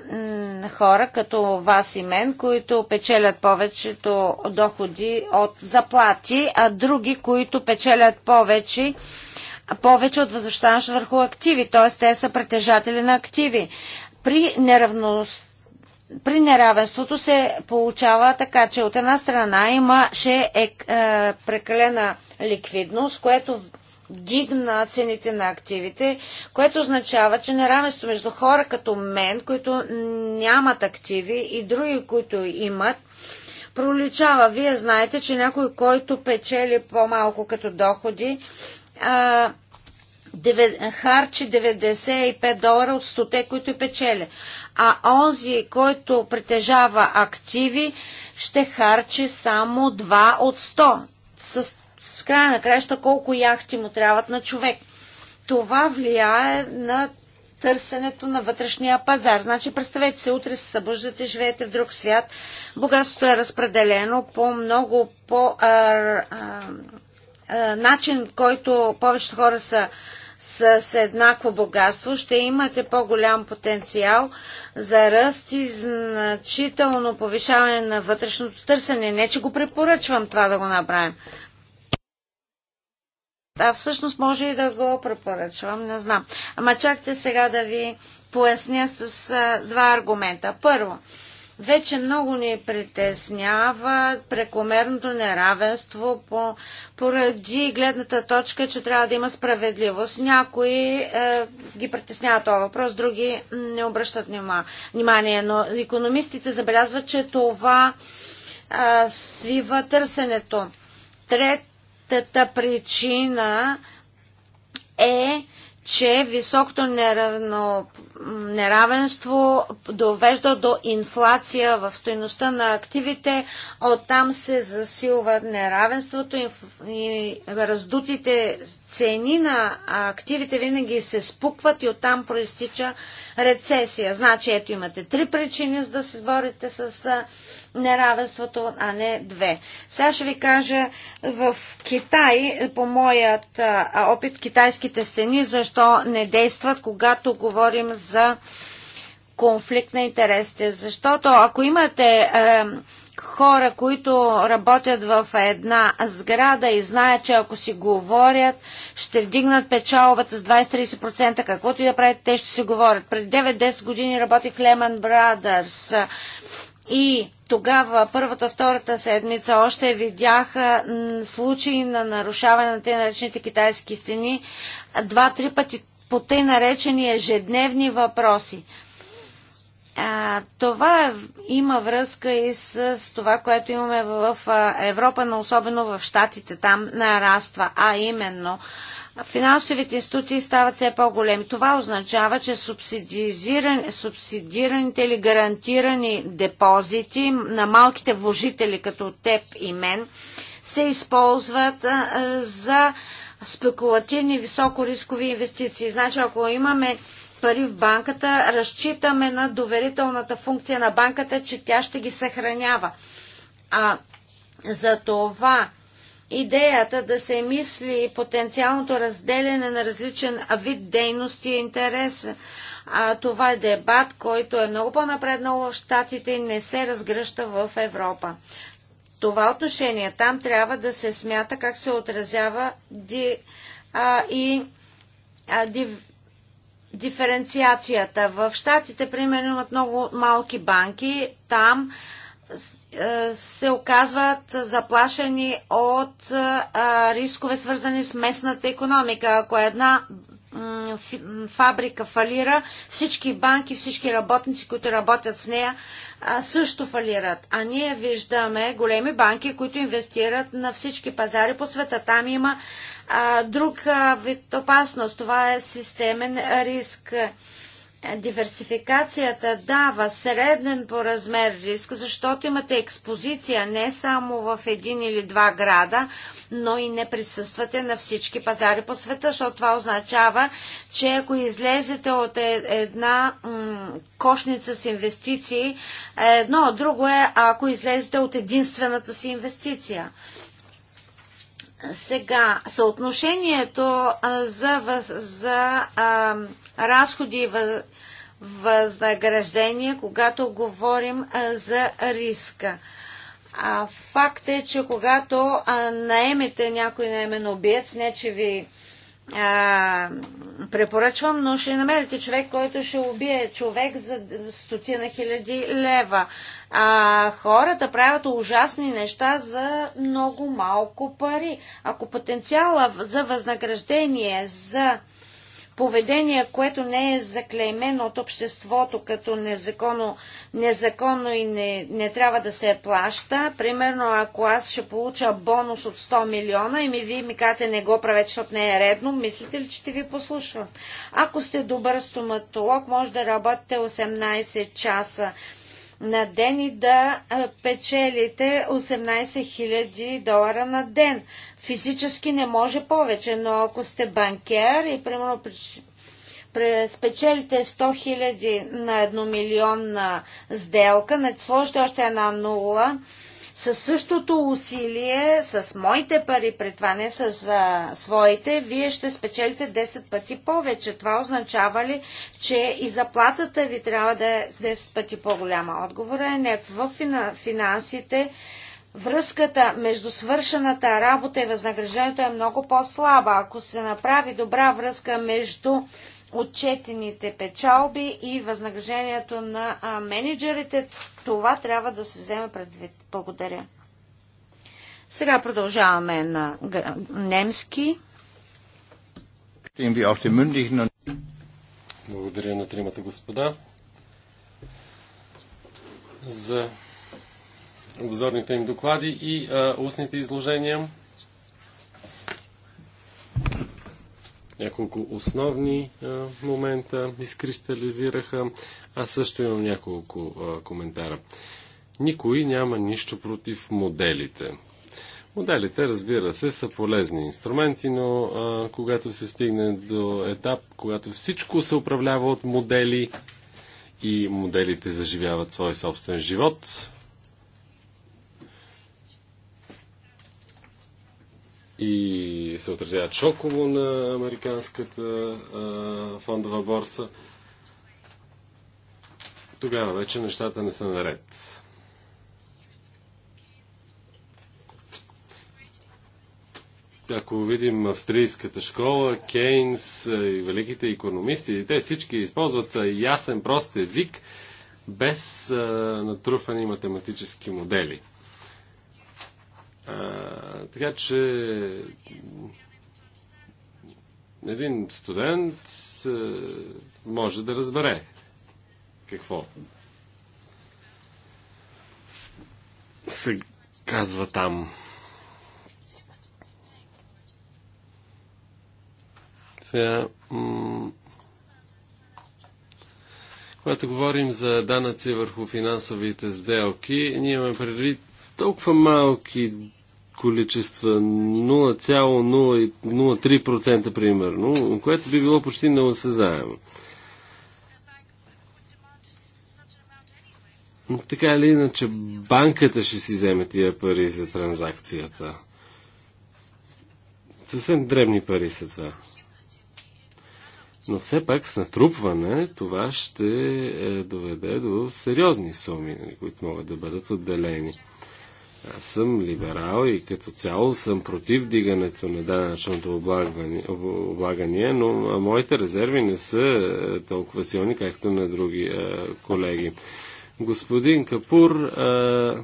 хора, като вас и мен, които печелят повечето доходи от заплати, а други, които печелят повече, повече от възвръщаващ върху активи, т.е. те са притежатели на активи. При неравност при неравенството се получава така, че от една страна имаше е, е, прекалена ликвидност, което дигна цените на активите, което означава, че неравенство между хора като мен, които нямат активи и други, които имат, проличава. Вие знаете, че някой, който печели по-малко като доходи, харчи 95 долара от 100, които е печели. А онзи, който притежава активи, ще харчи само 2 от 100. С, с края на краища колко яхти му трябват на човек. Това влияе на търсенето на вътрешния пазар. Значи, представете се, утре се събуждате, живеете в друг свят, богатството е разпределено по много по а, а, начин, който повечето хора са с еднакво богатство, ще имате по-голям потенциал за ръст и значително повишаване на вътрешното търсене. Не, че го препоръчвам това да го направим. А всъщност може и да го препоръчвам, не знам. Ама чакайте сега да ви поясня с два аргумента. Първо, вече много ни притеснява прекомерното неравенство по, поради гледната точка, че трябва да има справедливост. Някои е, ги притесняват това въпрос, други не обръщат внимание. Но економистите забелязват, че това е, свива търсенето. Третата причина е, че високото неравно неравенство довежда до инфлация в стоеността на активите, оттам се засилва неравенството и раздутите цени на активите винаги се спукват и оттам проистича рецесия. Значи ето имате три причини за да се сборите с неравенството, а не две. Сега ще ви кажа в Китай, по моят опит, китайските стени, защо не действат, когато говорим за конфликт на интересите. Защото ако имате хора, които работят в една сграда и знаят, че ако си говорят, ще вдигнат печалбата с 20-30%, каквото и да правят, те ще си говорят. Преди 9-10 години работих в Lehman Brothers и тогава, първата, втората седмица, още видяха случаи на нарушаване на те наречените китайски стени два-три пъти по тъй наречени ежедневни въпроси. А, това има връзка и с, с това, което имаме в, в Европа, но особено в Штатите. Там нараства, а именно финансовите институции стават все по-големи. Това означава, че субсидираните или гарантирани депозити на малките вложители, като теб и мен, се използват а, за спекулативни високорискови инвестиции. Значи, ако имаме пари в банката, разчитаме на доверителната функция на банката, че тя ще ги съхранява. А за това идеята да се мисли потенциалното разделяне на различен вид дейности и е интерес. А, това е дебат, който е много по-напреднал в Штатите и не се разгръща в Европа. Това отношение там трябва да се смята как се отразява ди, а, и а, ди, диференциацията. В Штатите, примерно, имат много малки банки. Там е, се оказват заплашени от е, рискове, свързани с местната економика. Ако една фабрика фалира, всички банки, всички работници, които работят с нея, също фалират. А ние виждаме големи банки, които инвестират на всички пазари по света. Там има друг вид опасност. Това е системен риск. Диверсификацията дава среден по размер риск, защото имате експозиция не само в един или два града, но и не присъствате на всички пазари по света, защото това означава, че ако излезете от е, една кошница с инвестиции, е едно, друго е ако излезете от единствената си инвестиция. Сега, съотношението за, за а, разходи и въз, възнаграждения, когато говорим а, за риска. А, факт е, че когато а, наемете някой наемен обиец, не че ви а, препоръчвам, но ще намерите човек, който ще убие човек за стотина хиляди лева. А, хората правят ужасни неща за много малко пари. Ако потенциала за възнаграждение за поведение, което не е заклеймено от обществото като незаконно, незаконно и не, не трябва да се плаща. Примерно, ако аз ще получа бонус от 100 милиона и ми вие ми казвате не го правете, защото не е редно, мислите ли, че ще ви послушвам? Ако сте добър стоматолог, може да работите 18 часа на ден и да печелите 18 000 долара на ден. Физически не може повече, но ако сте банкер и примерно спечелите 100 000 на 1 на сделка, сложите още една нула, със същото усилие, с моите пари, при това не с а, своите, вие ще спечелите 10 пъти повече. Това означава ли, че и заплатата ви трябва да е 10 пъти по-голяма? Отговора е не. В финансите връзката между свършената работа и възнаграждението е много по-слаба. Ако се направи добра връзка между отчетените печалби и възнаграждението на менеджерите. Това трябва да се вземе предвид. Благодаря. Сега продължаваме на немски. Благодаря на тримата господа за обзорните им доклади и а, устните изложения. няколко основни а, момента изкристализираха. Аз също имам няколко а, коментара. Никой няма нищо против моделите. Моделите, разбира се, са полезни инструменти, но а, когато се стигне до етап, когато всичко се управлява от модели и моделите заживяват свой собствен живот, и се отразяват шоково на американската а, фондова борса, тогава вече нещата не са наред. Ако видим австрийската школа, Кейнс и великите економисти, те всички използват ясен, прост език, без а, математически модели – така че един студент е, може да разбере какво се казва там. Сега, когато говорим за данъци върху финансовите сделки, ние имаме предвид толкова малки количества 0,03% примерно, което би било почти неосезаемо. Така или иначе, банката ще си вземе тия пари за транзакцията. Съвсем дребни пари са това. Но все пак с натрупване това ще е, доведе до сериозни суми, които могат да бъдат отделени. Аз съм либерал и като цяло съм против дигането на данъчното облагание, но моите резерви не са толкова силни, както на други а, колеги. Господин Капур а,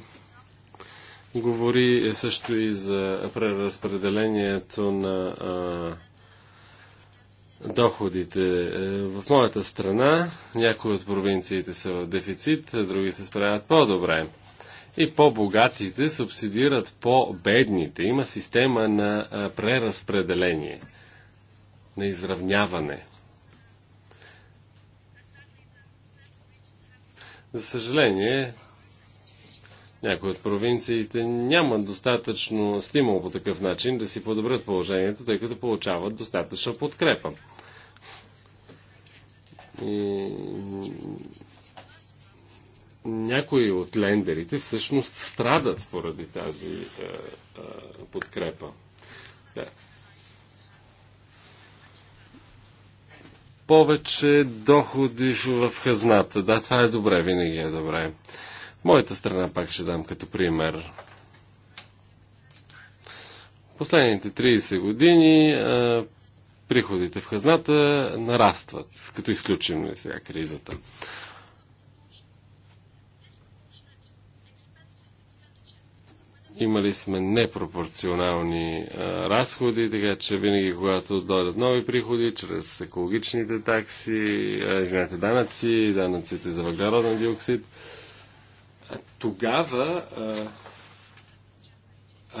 говори също и за преразпределението на а, доходите. Е, в моята страна някои от провинциите са в дефицит, други се справят по-добре и по-богатите субсидират по-бедните. Има система на преразпределение, на изравняване. За съжаление, някои от провинциите нямат достатъчно стимул по такъв начин да си подобрят положението, тъй като получават достатъчна подкрепа. И някои от лендерите всъщност страдат поради тази е, е, подкрепа. Да. Повече доходи в хазната. Да, това е добре, винаги е добре. В моята страна пак ще дам като пример. Последните 30 години е, приходите в хазната нарастват, като изключим сега кризата. Имали сме непропорционални а, разходи, така че винаги, когато дойдат нови приходи, чрез екологичните такси, извинете, данъци, данъците за въглероден диоксид, а тогава а,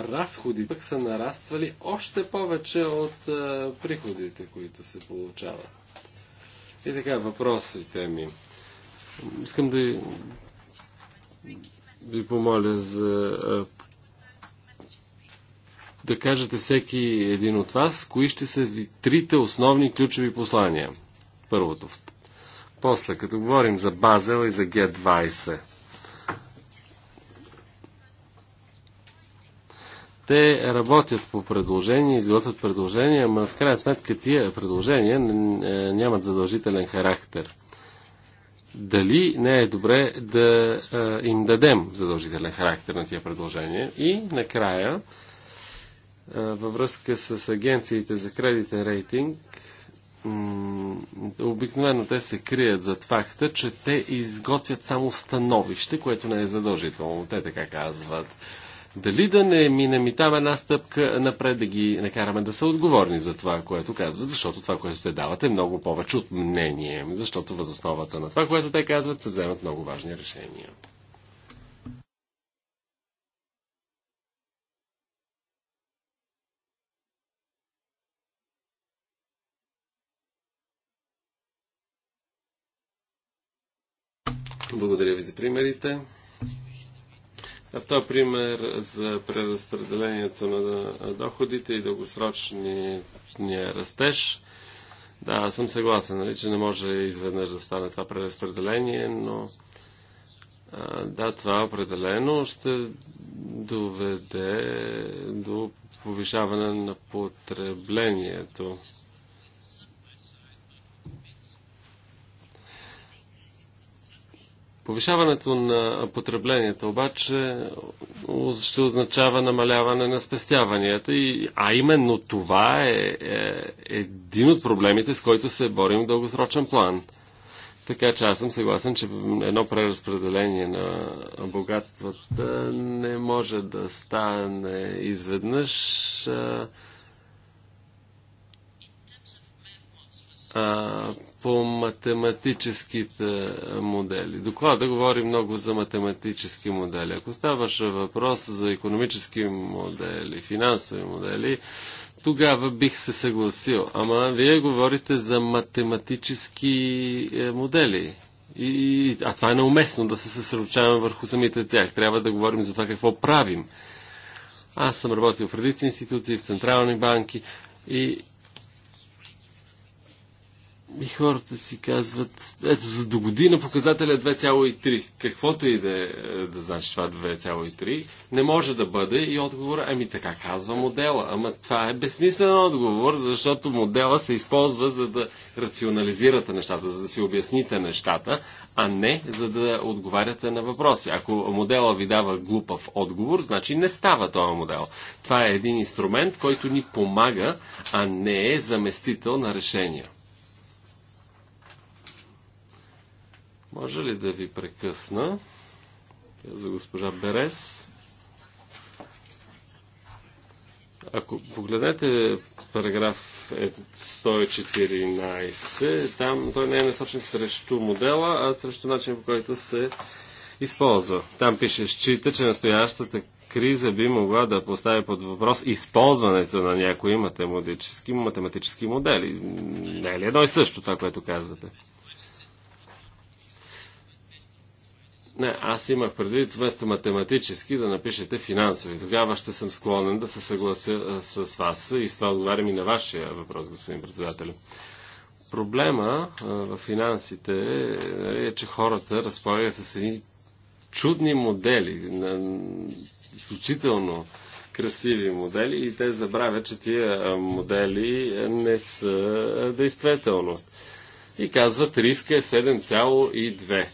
разходи пък са нараствали още повече от а, приходите, които се получават. И така, въпросите ми. Искам да ви помоля за да кажете всеки един от вас, кои ще са ви трите основни ключови послания. Първото. После, като говорим за Базел и за Г20, те работят по предложения, изготвят предложения, но в крайна сметка тия предложения е, нямат задължителен характер. Дали не е добре да е, им дадем задължителен характер на тия предложения? И накрая, във връзка с агенциите за кредитен рейтинг, обикновено те се крият зад факта, че те изготвят само становище, което не е задължително. Те така казват. Дали да не минем и там една стъпка напред, да ги накараме да са отговорни за това, което казват, защото това, което те дават е много повече от мнение, защото възосновата на това, което те казват, се вземат много важни решения. ви за примерите. този пример за преразпределението на доходите и дългосрочния растеж. Да, съм съгласен, нали, че не може изведнъж да стане това преразпределение, но а, да, това определено ще доведе до повишаване на потреблението. Повишаването на потреблението обаче ще означава намаляване на спестяванията, и, а именно това е, е един от проблемите, с който се борим в дългосрочен план. Така че аз съм съгласен, че едно преразпределение на богатствата не може да стане изведнъж. а, по математическите модели. Доклада говори много за математически модели. Ако ставаше въпрос за економически модели, финансови модели, тогава бих се съгласил. Ама вие говорите за математически е, модели. И, а това е неуместно да се съсредоточаваме върху самите тях. Трябва да говорим за това какво правим. Аз съм работил в редици институции, в централни банки и и хората си казват, ето за до година показателя 2,3. Е Каквото и да, е, е, да значи това 2,3, не може да бъде и отговора, ами така казва модела. Ама това е безсмислен отговор, защото модела се използва за да рационализирате нещата, за да си обясните нещата, а не за да отговаряте на въпроси. Ако модела ви дава глупав отговор, значи не става този модел. Това е един инструмент, който ни помага, а не е заместител на решения. Може ли да ви прекъсна? За госпожа Берес. Ако погледнете параграф 114, там той не е насочен срещу модела, а срещу начин по който се използва. Там пише, счита, че настоящата криза би могла да постави под въпрос използването на някои математически, математически модели. Не е ли едно и също това, което казвате? Не, аз имах предвид вместо математически да напишете финансови. Тогава ще съм склонен да се съглася а, с вас и с това отговарям и на вашия въпрос, господин председател. Проблема а, в финансите нали, е, че хората разполагат с едни чудни модели, на, изключително красиви модели и те забравят, че тия модели не са действителност. И казват, риска е 7,2.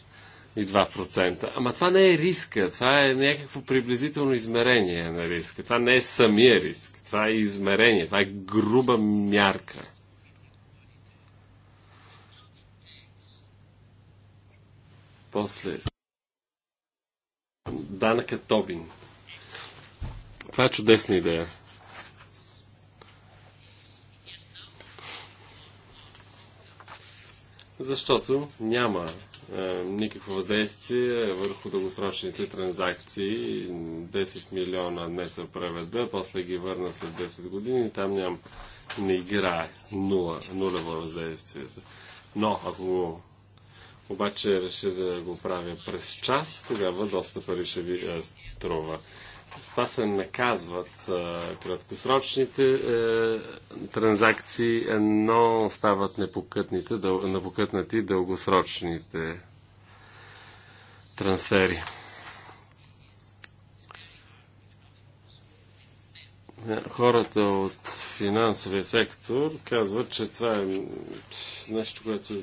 2%. Ама това не е риска, това е някакво приблизително измерение на риска. Това не е самия риск, това е измерение, това е груба мярка. После. Данъка е Тобин. Това е чудесна идея. Защото няма е, никакво въздействие върху дългосрочните транзакции. 10 милиона не се преведа, после ги върна след 10 години, там ням не играе нула, нулево въздействие. Но ако го, обаче реша да го правя през час, тогава доста пари ще ви е, струва. С това се наказват краткосрочните е, транзакции, но стават непокътните, дъл... непокътнати дългосрочните трансфери. Е, хората от финансовия сектор казват, че това е нещо, което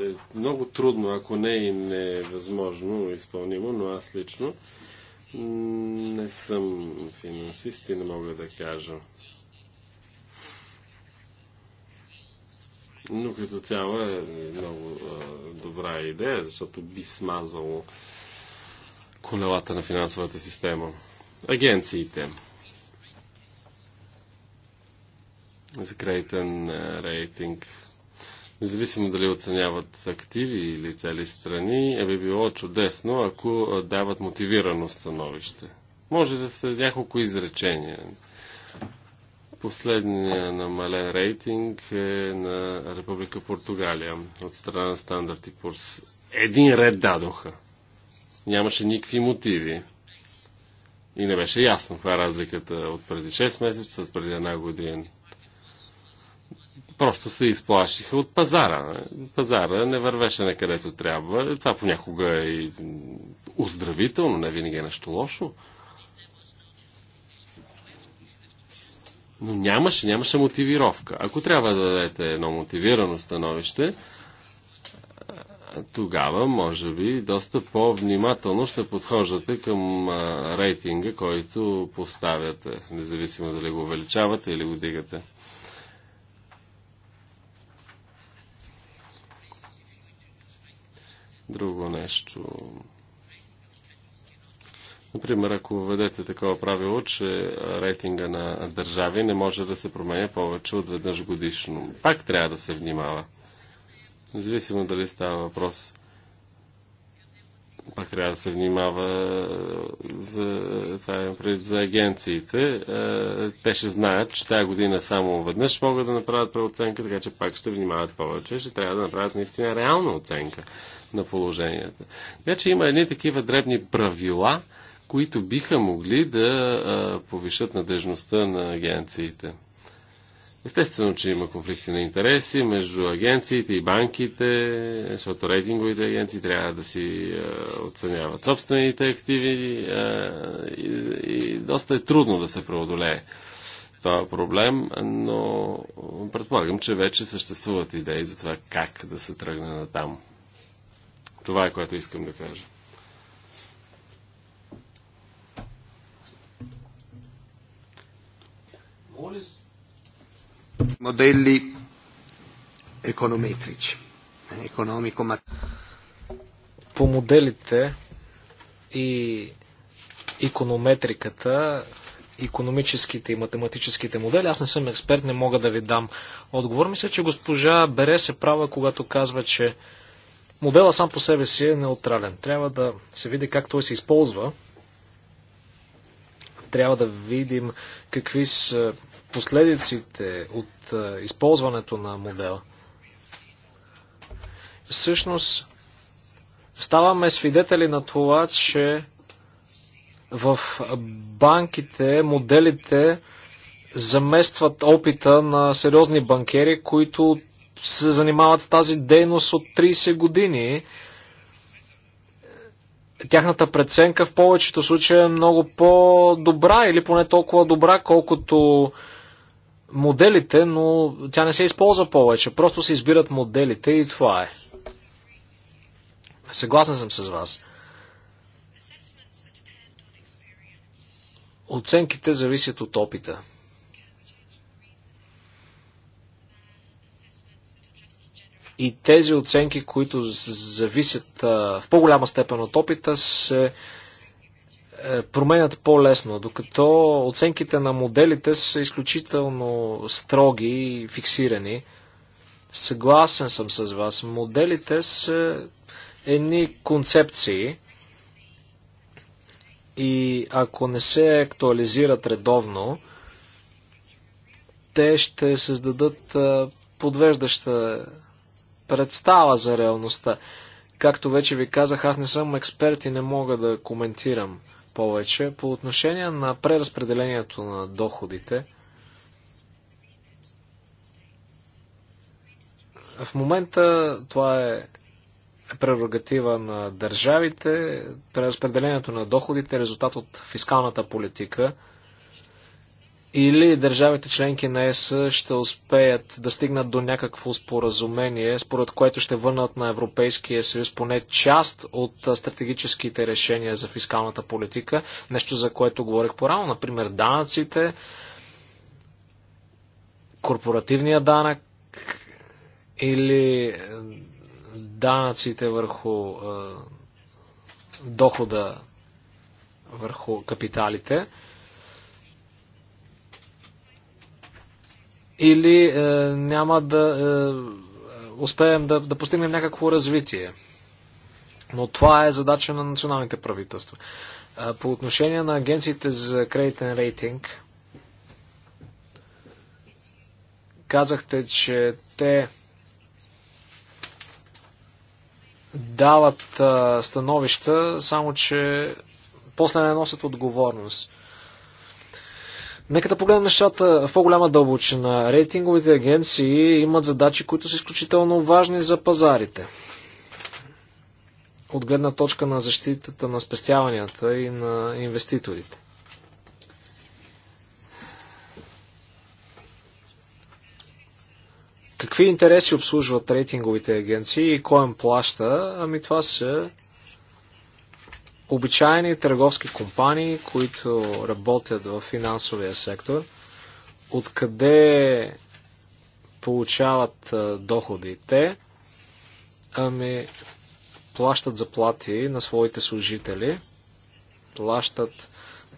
е много трудно, ако не и невъзможно е изпълнимо, но аз лично не съм финансист и не мога да кажа. Но като цяло е много добра идея, защото би смазало колелата на финансовата система. Агенциите за кредитен рейтинг независимо дали оценяват активи или цели страни, е би било чудесно, ако дават мотивирано становище. Може да са няколко изречения. Последния намален рейтинг е на Република Португалия от страна на Стандарт и Пурс. Един ред дадоха. Нямаше никакви мотиви. И не беше ясно каква е разликата от преди 6 месеца, от преди една година просто се изплашиха от пазара. Пазара не вървеше на където трябва. Това понякога е и оздравително, не винаги е нещо лошо. Но нямаше, нямаше мотивировка. Ако трябва да дадете едно мотивирано становище, тогава, може би, доста по-внимателно ще подхождате към рейтинга, който поставяте, независимо дали го увеличавате или го дигате. друго нещо. Например, ако введете такова правило, че рейтинга на държави не може да се променя повече от веднъж годишно, пак трябва да се внимава. Независимо дали става въпрос пак трябва да се внимава е, за, е, това е пред, за агенциите. Е, те ще знаят, че тази година само веднъж могат да направят преоценка, така че пак ще внимават повече. Ще трябва да направят наистина реална оценка на положението. Така че има едни такива дребни правила, които биха могли да повишат надежността на агенциите. Естествено, че има конфликти на интереси между агенциите и банките, защото рейтинговите агенции трябва да си е, оценяват собствените активи е, и, и доста е трудно да се преодолее този проблем, но предполагам, че вече съществуват идеи за това как да се тръгне на там. Това е което искам да кажа. Модели econometrici, Економико... По моделите и иконометриката, економическите и математическите модели. Аз не съм експерт, не мога да ви дам отговор. Мисля, че госпожа Бере се права, когато казва, че модела сам по себе си е неутрален. Трябва да се види как той се използва трябва да видим какви са последиците от използването на модела. Всъщност, ставаме свидетели на това, че в банките моделите заместват опита на сериозни банкери, които се занимават с тази дейност от 30 години тяхната преценка в повечето случаи е много по-добра или поне толкова добра, колкото моделите, но тя не се използва повече. Просто се избират моделите и това е. Съгласен съм с вас. Оценките зависят от опита. и тези оценки, които зависят в по-голяма степен от опита, се е, променят по-лесно, докато оценките на моделите са изключително строги и фиксирани. Съгласен съм с вас. Моделите са едни концепции и ако не се актуализират редовно, те ще създадат подвеждаща представа за реалността. Както вече ви казах, аз не съм експерт и не мога да коментирам повече. По отношение на преразпределението на доходите, в момента това е прерогатива на държавите, преразпределението на доходите е резултат от фискалната политика – или държавите членки на ЕС ще успеят да стигнат до някакво споразумение, според което ще върнат на Европейския съюз поне част от стратегическите решения за фискалната политика, нещо за което говорих по-рано, например данъците, корпоративния данък или данъците върху е, дохода, върху капиталите. или е, няма да е, успеем да, да постигнем някакво развитие. Но това е задача на националните правителства. Е, по отношение на агенциите за кредитен рейтинг, казахте, че те дават е, становища, само че после не носят отговорност. Нека да погледнем нещата в по-голяма дълбочина. Рейтинговите агенции имат задачи, които са изключително важни за пазарите. От гледна точка на защитата на спестяванията и на инвеститорите. Какви интереси обслужват рейтинговите агенции и кой им плаща? Ами това са обичайни търговски компании, които работят в финансовия сектор, откъде получават доходите, ами плащат заплати на своите служители, плащат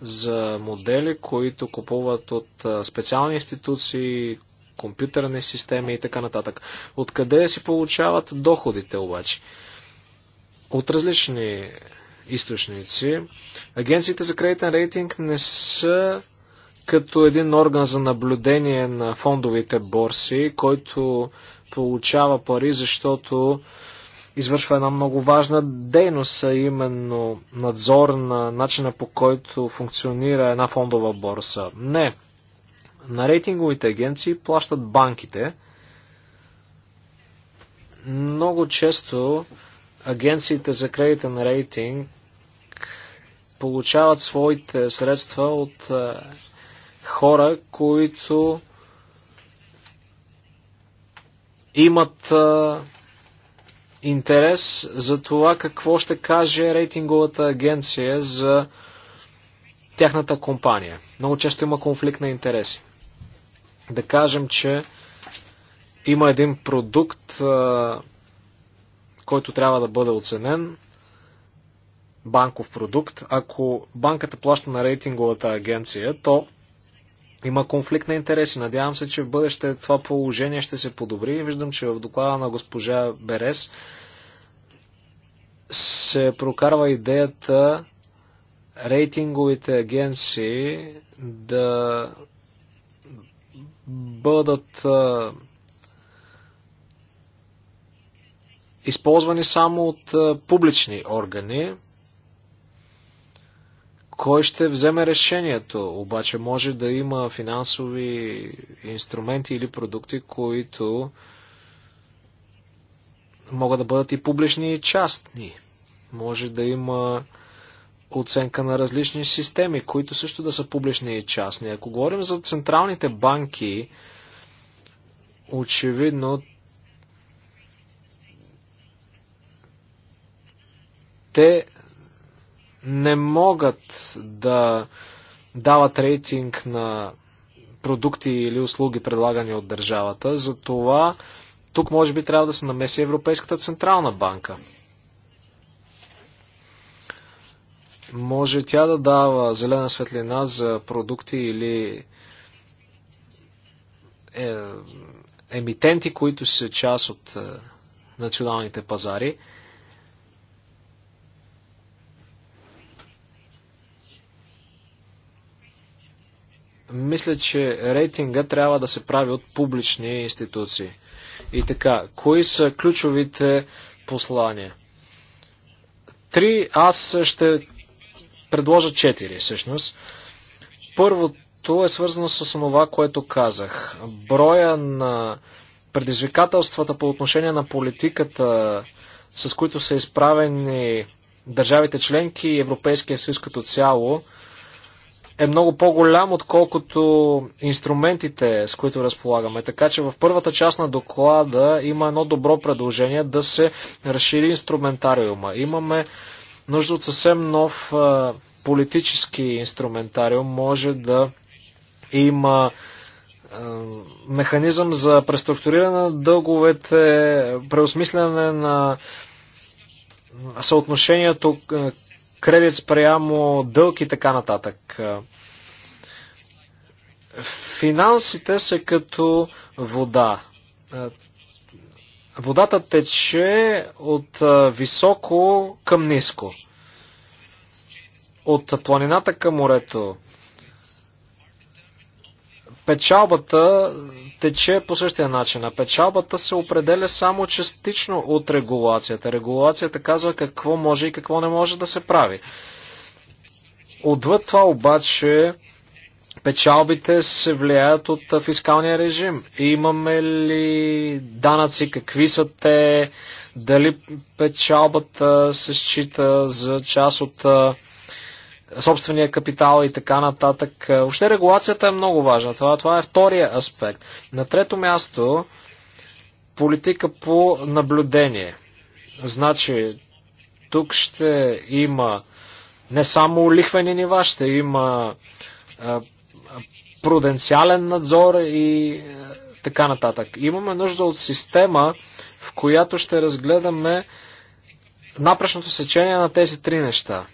за модели, които купуват от специални институции, компютърни системи и така нататък. Откъде си получават доходите обаче? От различни източници. Агенциите за кредитен рейтинг не са като един орган за наблюдение на фондовите борси, който получава пари, защото извършва една много важна дейност, а именно надзор на начина по който функционира една фондова борса. Не. На рейтинговите агенции плащат банките. Много често агенциите за кредитен рейтинг получават своите средства от е, хора, които имат е, интерес за това какво ще каже рейтинговата агенция за тяхната компания. Много често има конфликт на интереси. Да кажем, че има един продукт, е, който трябва да бъде оценен банков продукт, ако банката плаща на рейтинговата агенция, то има конфликт на интереси. Надявам се, че в бъдеще това положение ще се подобри. Виждам, че в доклада на госпожа Берес се прокарва идеята рейтинговите агенции да бъдат използвани само от публични органи. Кой ще вземе решението? Обаче може да има финансови инструменти или продукти, които могат да бъдат и публични и частни. Може да има оценка на различни системи, които също да са публични и частни. Ако говорим за централните банки, очевидно те не могат да дават рейтинг на продукти или услуги, предлагани от държавата. Затова тук може би трябва да се намеси Европейската централна банка. Може тя да дава зелена светлина за продукти или е, емитенти, които са част от е, националните пазари. Мисля, че рейтинга трябва да се прави от публични институции. И така, кои са ключовите послания? Три, аз ще предложа четири всъщност. Първото е свързано с това, което казах. Броя на предизвикателствата по отношение на политиката, с които са изправени държавите членки и Европейския съюз като цяло – е много по-голям, отколкото инструментите, с които разполагаме. Така че в първата част на доклада има едно добро предложение да се разшири инструментариума. Имаме нужда от съвсем нов а, политически инструментариум. Може да има а, механизъм за преструктуриране на дълговете, преосмислене на съотношението кредит спрямо дълг и така нататък. Финансите са като вода. Водата тече от високо към ниско. От планината към морето. Печалбата тече по същия начин. А печалбата се определя само частично от регулацията. Регулацията казва какво може и какво не може да се прави. Отвъд това обаче печалбите се влияят от фискалния режим. Имаме ли данъци, какви са те, дали печалбата се счита за част от собствения капитал и така нататък. Е, Още регулацията е много важна. Това, това е втория аспект. На трето място политика по наблюдение. Значи, тук ще има не само лихвени нива, ще има а, е, пруденциален надзор и а, е, така нататък. Имаме нужда от система, в която ще разгледаме напрешното сечение на тези три неща.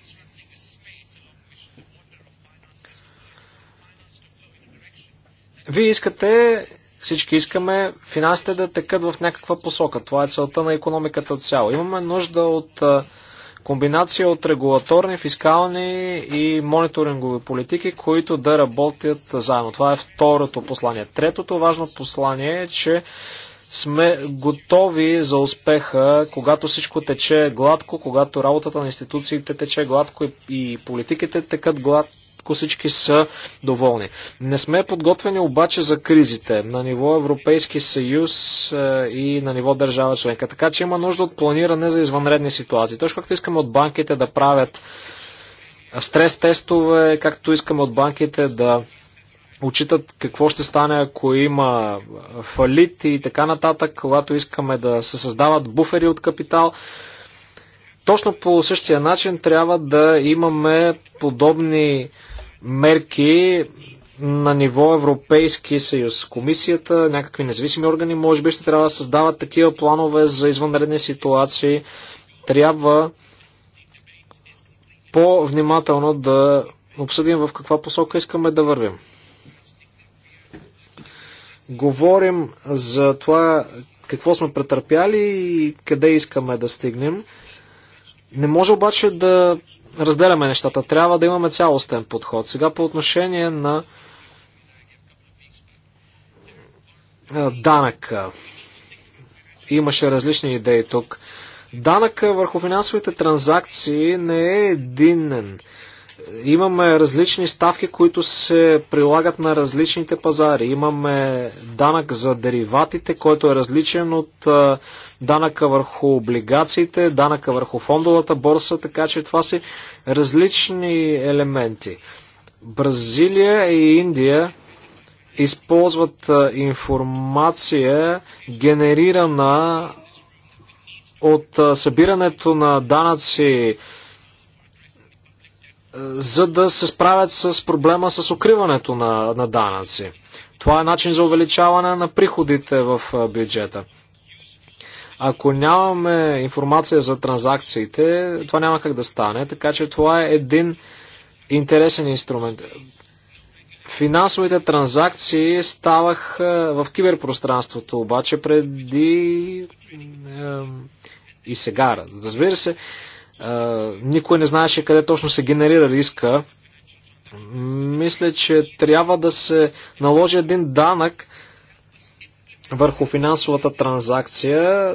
Вие искате, всички искаме финансите да текат в някаква посока. Това е целта на економиката цяло. Имаме нужда от комбинация от регулаторни, фискални и мониторингови политики, които да работят заедно. Това е второто послание. Третото важно послание е, че сме готови за успеха, когато всичко тече гладко, когато работата на институциите тече гладко и политиките текат гладко всички са доволни. Не сме подготвени обаче за кризите на ниво Европейски съюз е, и на ниво държава членка. Така че има нужда от планиране за извънредни ситуации. Точно както искаме от банките да правят стрес тестове, както искаме от банките да учитат какво ще стане, ако има фалит и така нататък, когато искаме да се създават буфери от капитал. Точно по същия начин трябва да имаме подобни мерки на ниво Европейски съюз. Комисията, някакви независими органи, може би ще трябва да създават такива планове за извънредни ситуации. Трябва по-внимателно да обсъдим в каква посока искаме да вървим. Говорим за това какво сме претърпяли и къде искаме да стигнем. Не може обаче да разделяме нещата. Трябва да имаме цялостен подход. Сега по отношение на данъка. Имаше различни идеи тук. Данъка върху финансовите транзакции не е единен. Имаме различни ставки, които се прилагат на различните пазари. Имаме данък за дериватите, който е различен от данъка върху облигациите, данъка върху фондовата борса, така че това са различни елементи. Бразилия и Индия използват информация, генерирана от събирането на данъци за да се справят с проблема с укриването на, на данъци. Това е начин за увеличаване на приходите в бюджета. Ако нямаме информация за транзакциите, това няма как да стане, така че това е един интересен инструмент. Финансовите транзакции ставах в киберпространството, обаче преди е, и сега, разбира се никой не знаеше къде точно се генерира риска. Мисля, че трябва да се наложи един данък върху финансовата транзакция.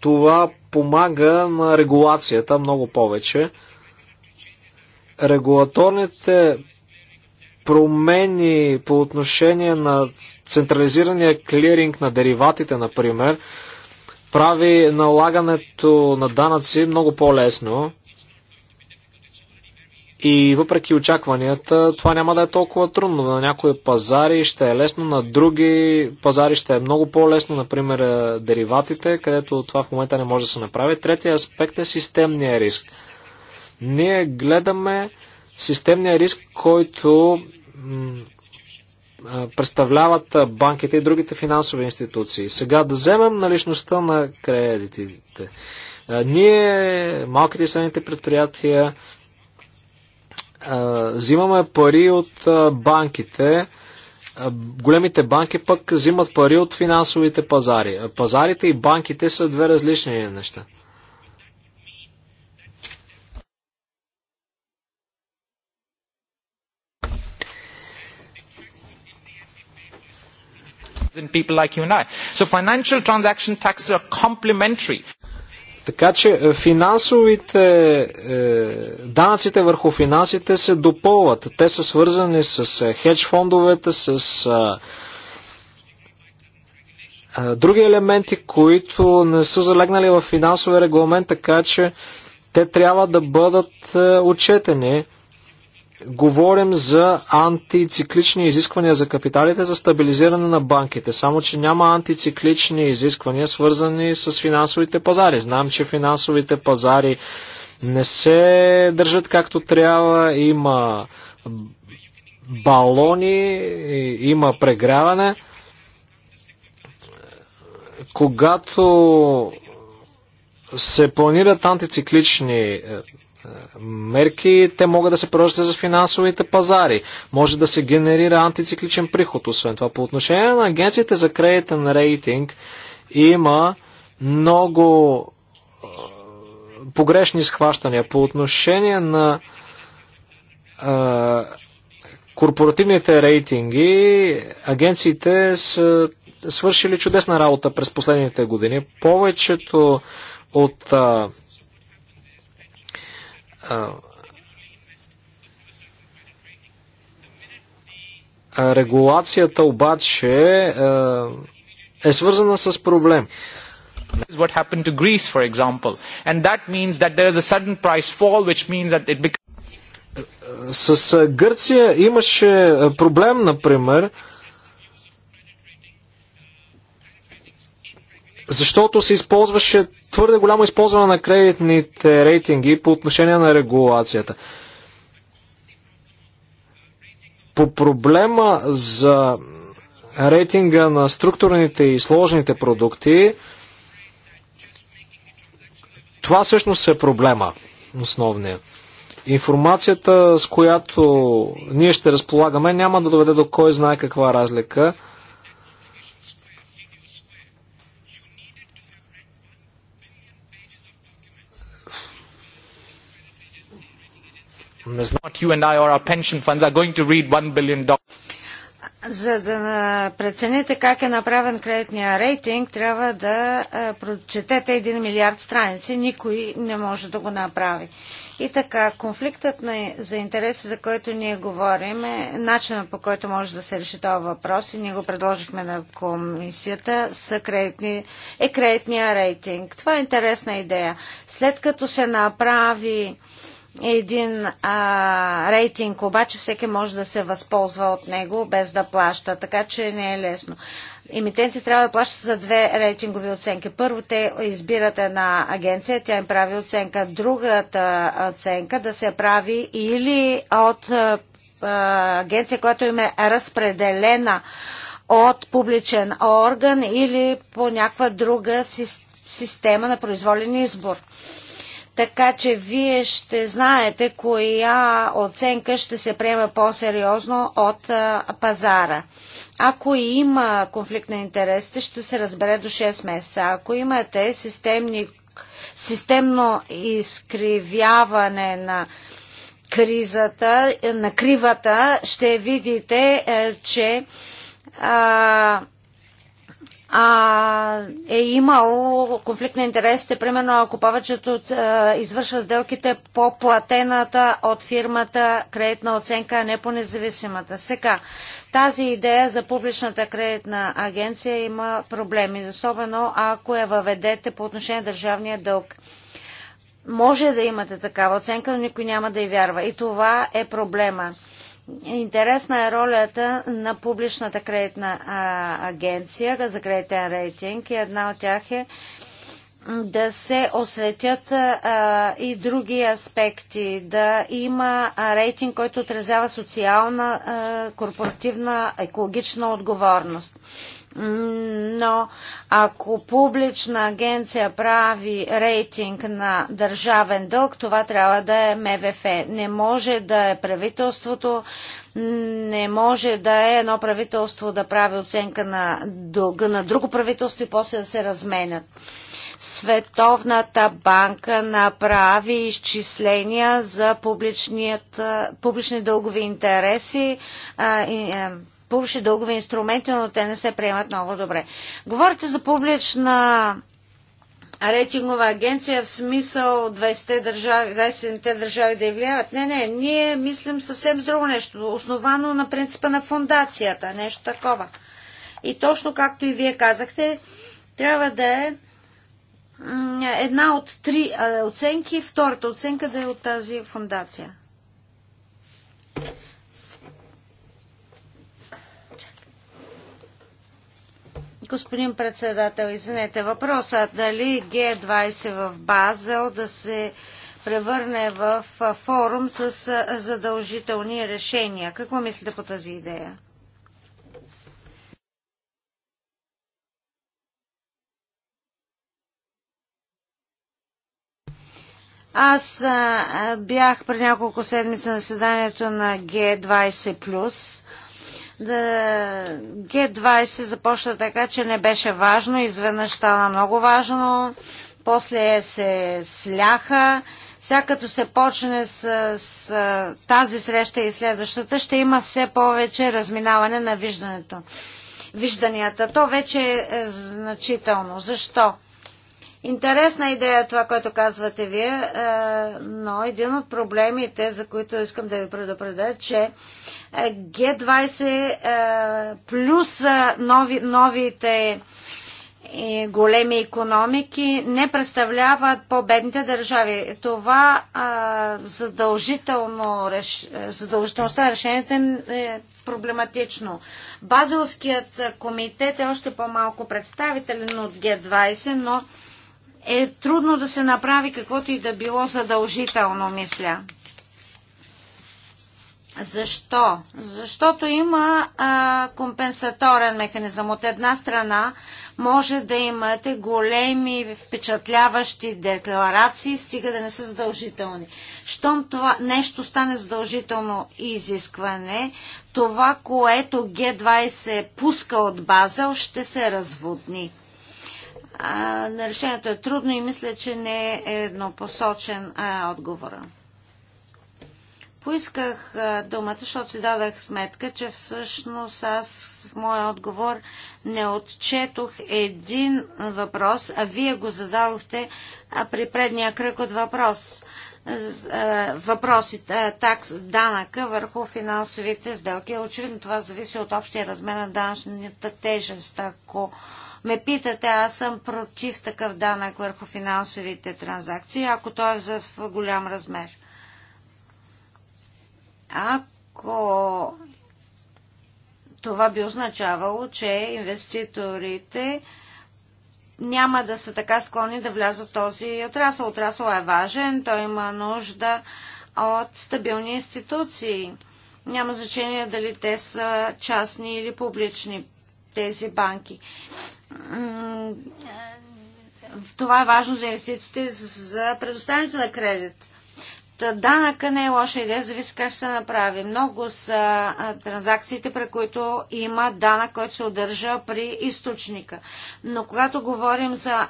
Това помага на регулацията много повече. Регулаторните промени по отношение на централизирания клиринг на дериватите, например, прави налагането на данъци много по-лесно. И въпреки очакванията, това няма да е толкова трудно. На някои пазари ще е лесно, на други пазари ще е много по-лесно, например е, дериватите, където това в момента не може да се направи. Третия аспект е системния риск. Ние гледаме системния риск, който представляват банките и другите финансови институции. Сега да вземем наличността на кредитите. Ние, малките и средните предприятия, взимаме пари от банките, големите банки пък взимат пари от финансовите пазари. Пазарите и банките са две различни неща. and people like you and I. So financial transaction taxes are complementary. Така че е, финансовите е, данъците върху финансите се допълват. Те са свързани с е, хедж фондовете, с е, е, други елементи, които не са залегнали в финансовия регламент, така че те трябва да бъдат е, отчетени говорим за антициклични изисквания за капиталите за стабилизиране на банките. Само, че няма антициклични изисквания, свързани с финансовите пазари. Знам, че финансовите пазари не се държат както трябва. Има балони, има прегряване. Когато се планират антициклични е, мерки, те могат да се продължат за финансовите пазари. Може да се генерира антицикличен приход. Освен това, по отношение на агенциите за кредитен рейтинг има много е, погрешни схващания. По отношение на а, е, корпоративните рейтинги, агенциите са свършили чудесна работа през последните години. Повечето от а, Регулацията обаче е свързана с проблем. Is what happened to Greece, for example. And that means that there is a sudden price fall, which means that it becomes с Гърция имаше проблем, например, защото се използваше твърде голямо използване на кредитните рейтинги по отношение на регулацията. По проблема за рейтинга на структурните и сложните продукти, това всъщност е проблема основния. Информацията, с която ние ще разполагаме, няма да доведе до кой знае каква разлика. not you and I or our pension funds are going to read billion За да прецените как е направен кредитния рейтинг, трябва да прочетете 1 милиард страници. Никой не може да го направи. И така, конфликтът на, за интереси, за който ние говорим, е начинът по който може да се реши този въпрос и ние го предложихме на комисията, са кредитни, е кредитния рейтинг. Това е интересна идея. След като се направи един а, рейтинг, обаче всеки може да се възползва от него без да плаща, така че не е лесно. Имитенти трябва да плащат за две рейтингови оценки. Първо те избират една агенция, тя им прави оценка. Другата оценка да се прави или от а, агенция, която им е разпределена от публичен орган или по някаква друга система на произволен избор така че вие ще знаете коя оценка ще се приема по-сериозно от пазара. Ако има конфликт на интересите, ще се разбере до 6 месеца. Ако имате системни, системно изкривяване на кризата, на кривата, ще видите, е, че а, а, е имал конфликт на интересите, примерно ако повечето от, а, извършва сделките по платената от фирмата кредитна оценка, а не по независимата. Сега, тази идея за публичната кредитна агенция има проблеми, особено ако я въведете по отношение на държавния дълг. Може да имате такава оценка, но никой няма да й вярва. И това е проблема. Интересна е ролята на публичната кредитна агенция за кредитен рейтинг и една от тях е да се осветят а, и други аспекти, да има рейтинг, който отразява социална, а, корпоративна, екологична отговорност но ако публична агенция прави рейтинг на държавен дълг, това трябва да е МВФ. Не може да е правителството, не може да е едно правителство да прави оценка на дълга на друго правителство и после да се разменят. Световната банка направи изчисления за публични дългови интереси. А, и, публични дългови инструменти, но те не се приемат много добре. Говорите за публична рейтингова агенция в смисъл 20-те държави, 27-те държави да являват. Не, не, ние мислим съвсем с друго нещо, основано на принципа на фундацията, нещо такова. И точно както и вие казахте, трябва да е една от три оценки, втората оценка да е от тази фундация. Господин председател, извинете, въпросът е дали Г20 в Базел да се превърне в форум с задължителни решения. Какво мислите по тази идея? Аз а, бях при няколко седмици на заседанието на G20+, g 20 започна така, че не беше важно, изведнъж стана много важно, после се сляха. Сега като се почне с, с тази среща и следващата, ще има все повече разминаване на виждането. вижданията. То вече е, е значително. Защо? Интересна идея е това, което казвате вие, е, но един от проблемите, за които искам да ви предупредя, че е, Г20 е, плюс е, нови, новите големи економики не представляват по-бедните държави. Това задължително, задължителността на решението е проблематично. Базилският комитет е още по-малко представителен от Г20, но е трудно да се направи каквото и да било задължително, мисля. Защо? Защото има а, компенсаторен механизъм. От една страна може да имате големи впечатляващи декларации, стига да не са задължителни. Щом това нещо стане задължително изискване, това, което Г20 е пуска от Базел, ще се разводни. А, решението е трудно и мисля, че не е еднопосочен а, отговора. Поисках думата, защото си дадах сметка, че всъщност аз в моя отговор не отчетох един въпрос, а вие го зададохте при предния кръг от въпрос. Въпросите, такс, данъка върху финансовите сделки. Очевидно това зависи от общия размер на данъчната тежест. Ако ме питате, аз съм против такъв данък върху финансовите транзакции, ако той е в голям размер. Ако това би означавало, че инвеститорите няма да са така склонни да влязат в този отрасъл. Отрасъл е важен, той има нужда от стабилни институции. Няма значение дали те са частни или публични, тези банки. Това е важно за инвестициите за предоставянето на кредит данъка не е лоша идея, зависи как ще се направи. Много са транзакциите, при които има данък, който се удържа при източника. Но когато говорим за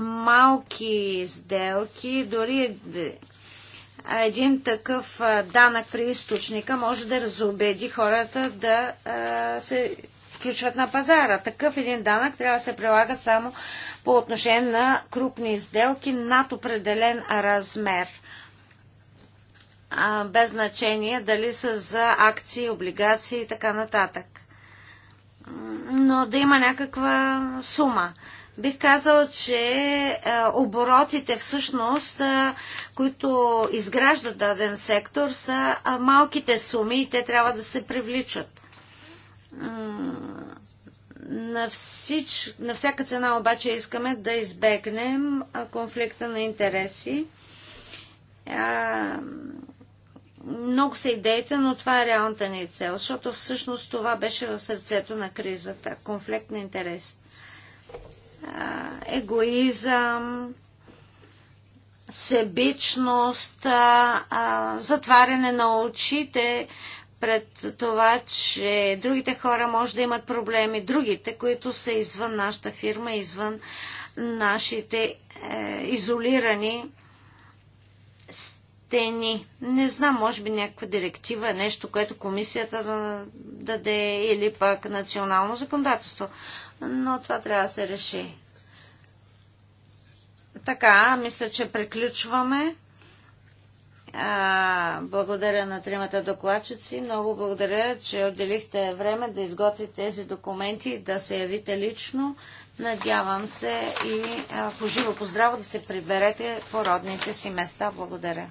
малки сделки, дори е, е, един такъв данък при източника може да разобеди хората да се включват на пазара. Такъв един данък трябва да се прилага само по отношение на крупни сделки над определен размер без значение дали са за акции, облигации и така нататък. Но да има някаква сума. Бих казал, че оборотите всъщност, които изграждат даден сектор, са малките суми и те трябва да се привличат. На, всич, на всяка цена обаче искаме да избегнем конфликта на интереси. Много са идеите, но това е реалната ни цел, защото всъщност това беше в сърцето на кризата. Конфликт на интерес, егоизъм, себичност, затваряне на очите пред това, че другите хора може да имат проблеми, другите, които са извън нашата фирма, извън нашите е, изолирани платени. Не знам, може би някаква директива, е нещо, което комисията да даде или пък национално законодателство. Но това трябва да се реши. Така, мисля, че приключваме. А, благодаря на тримата докладчици. Много благодаря, че отделихте време да изготвите тези документи, да се явите лично. Надявам се и поживо поздраво да се приберете по родните си места. Благодаря.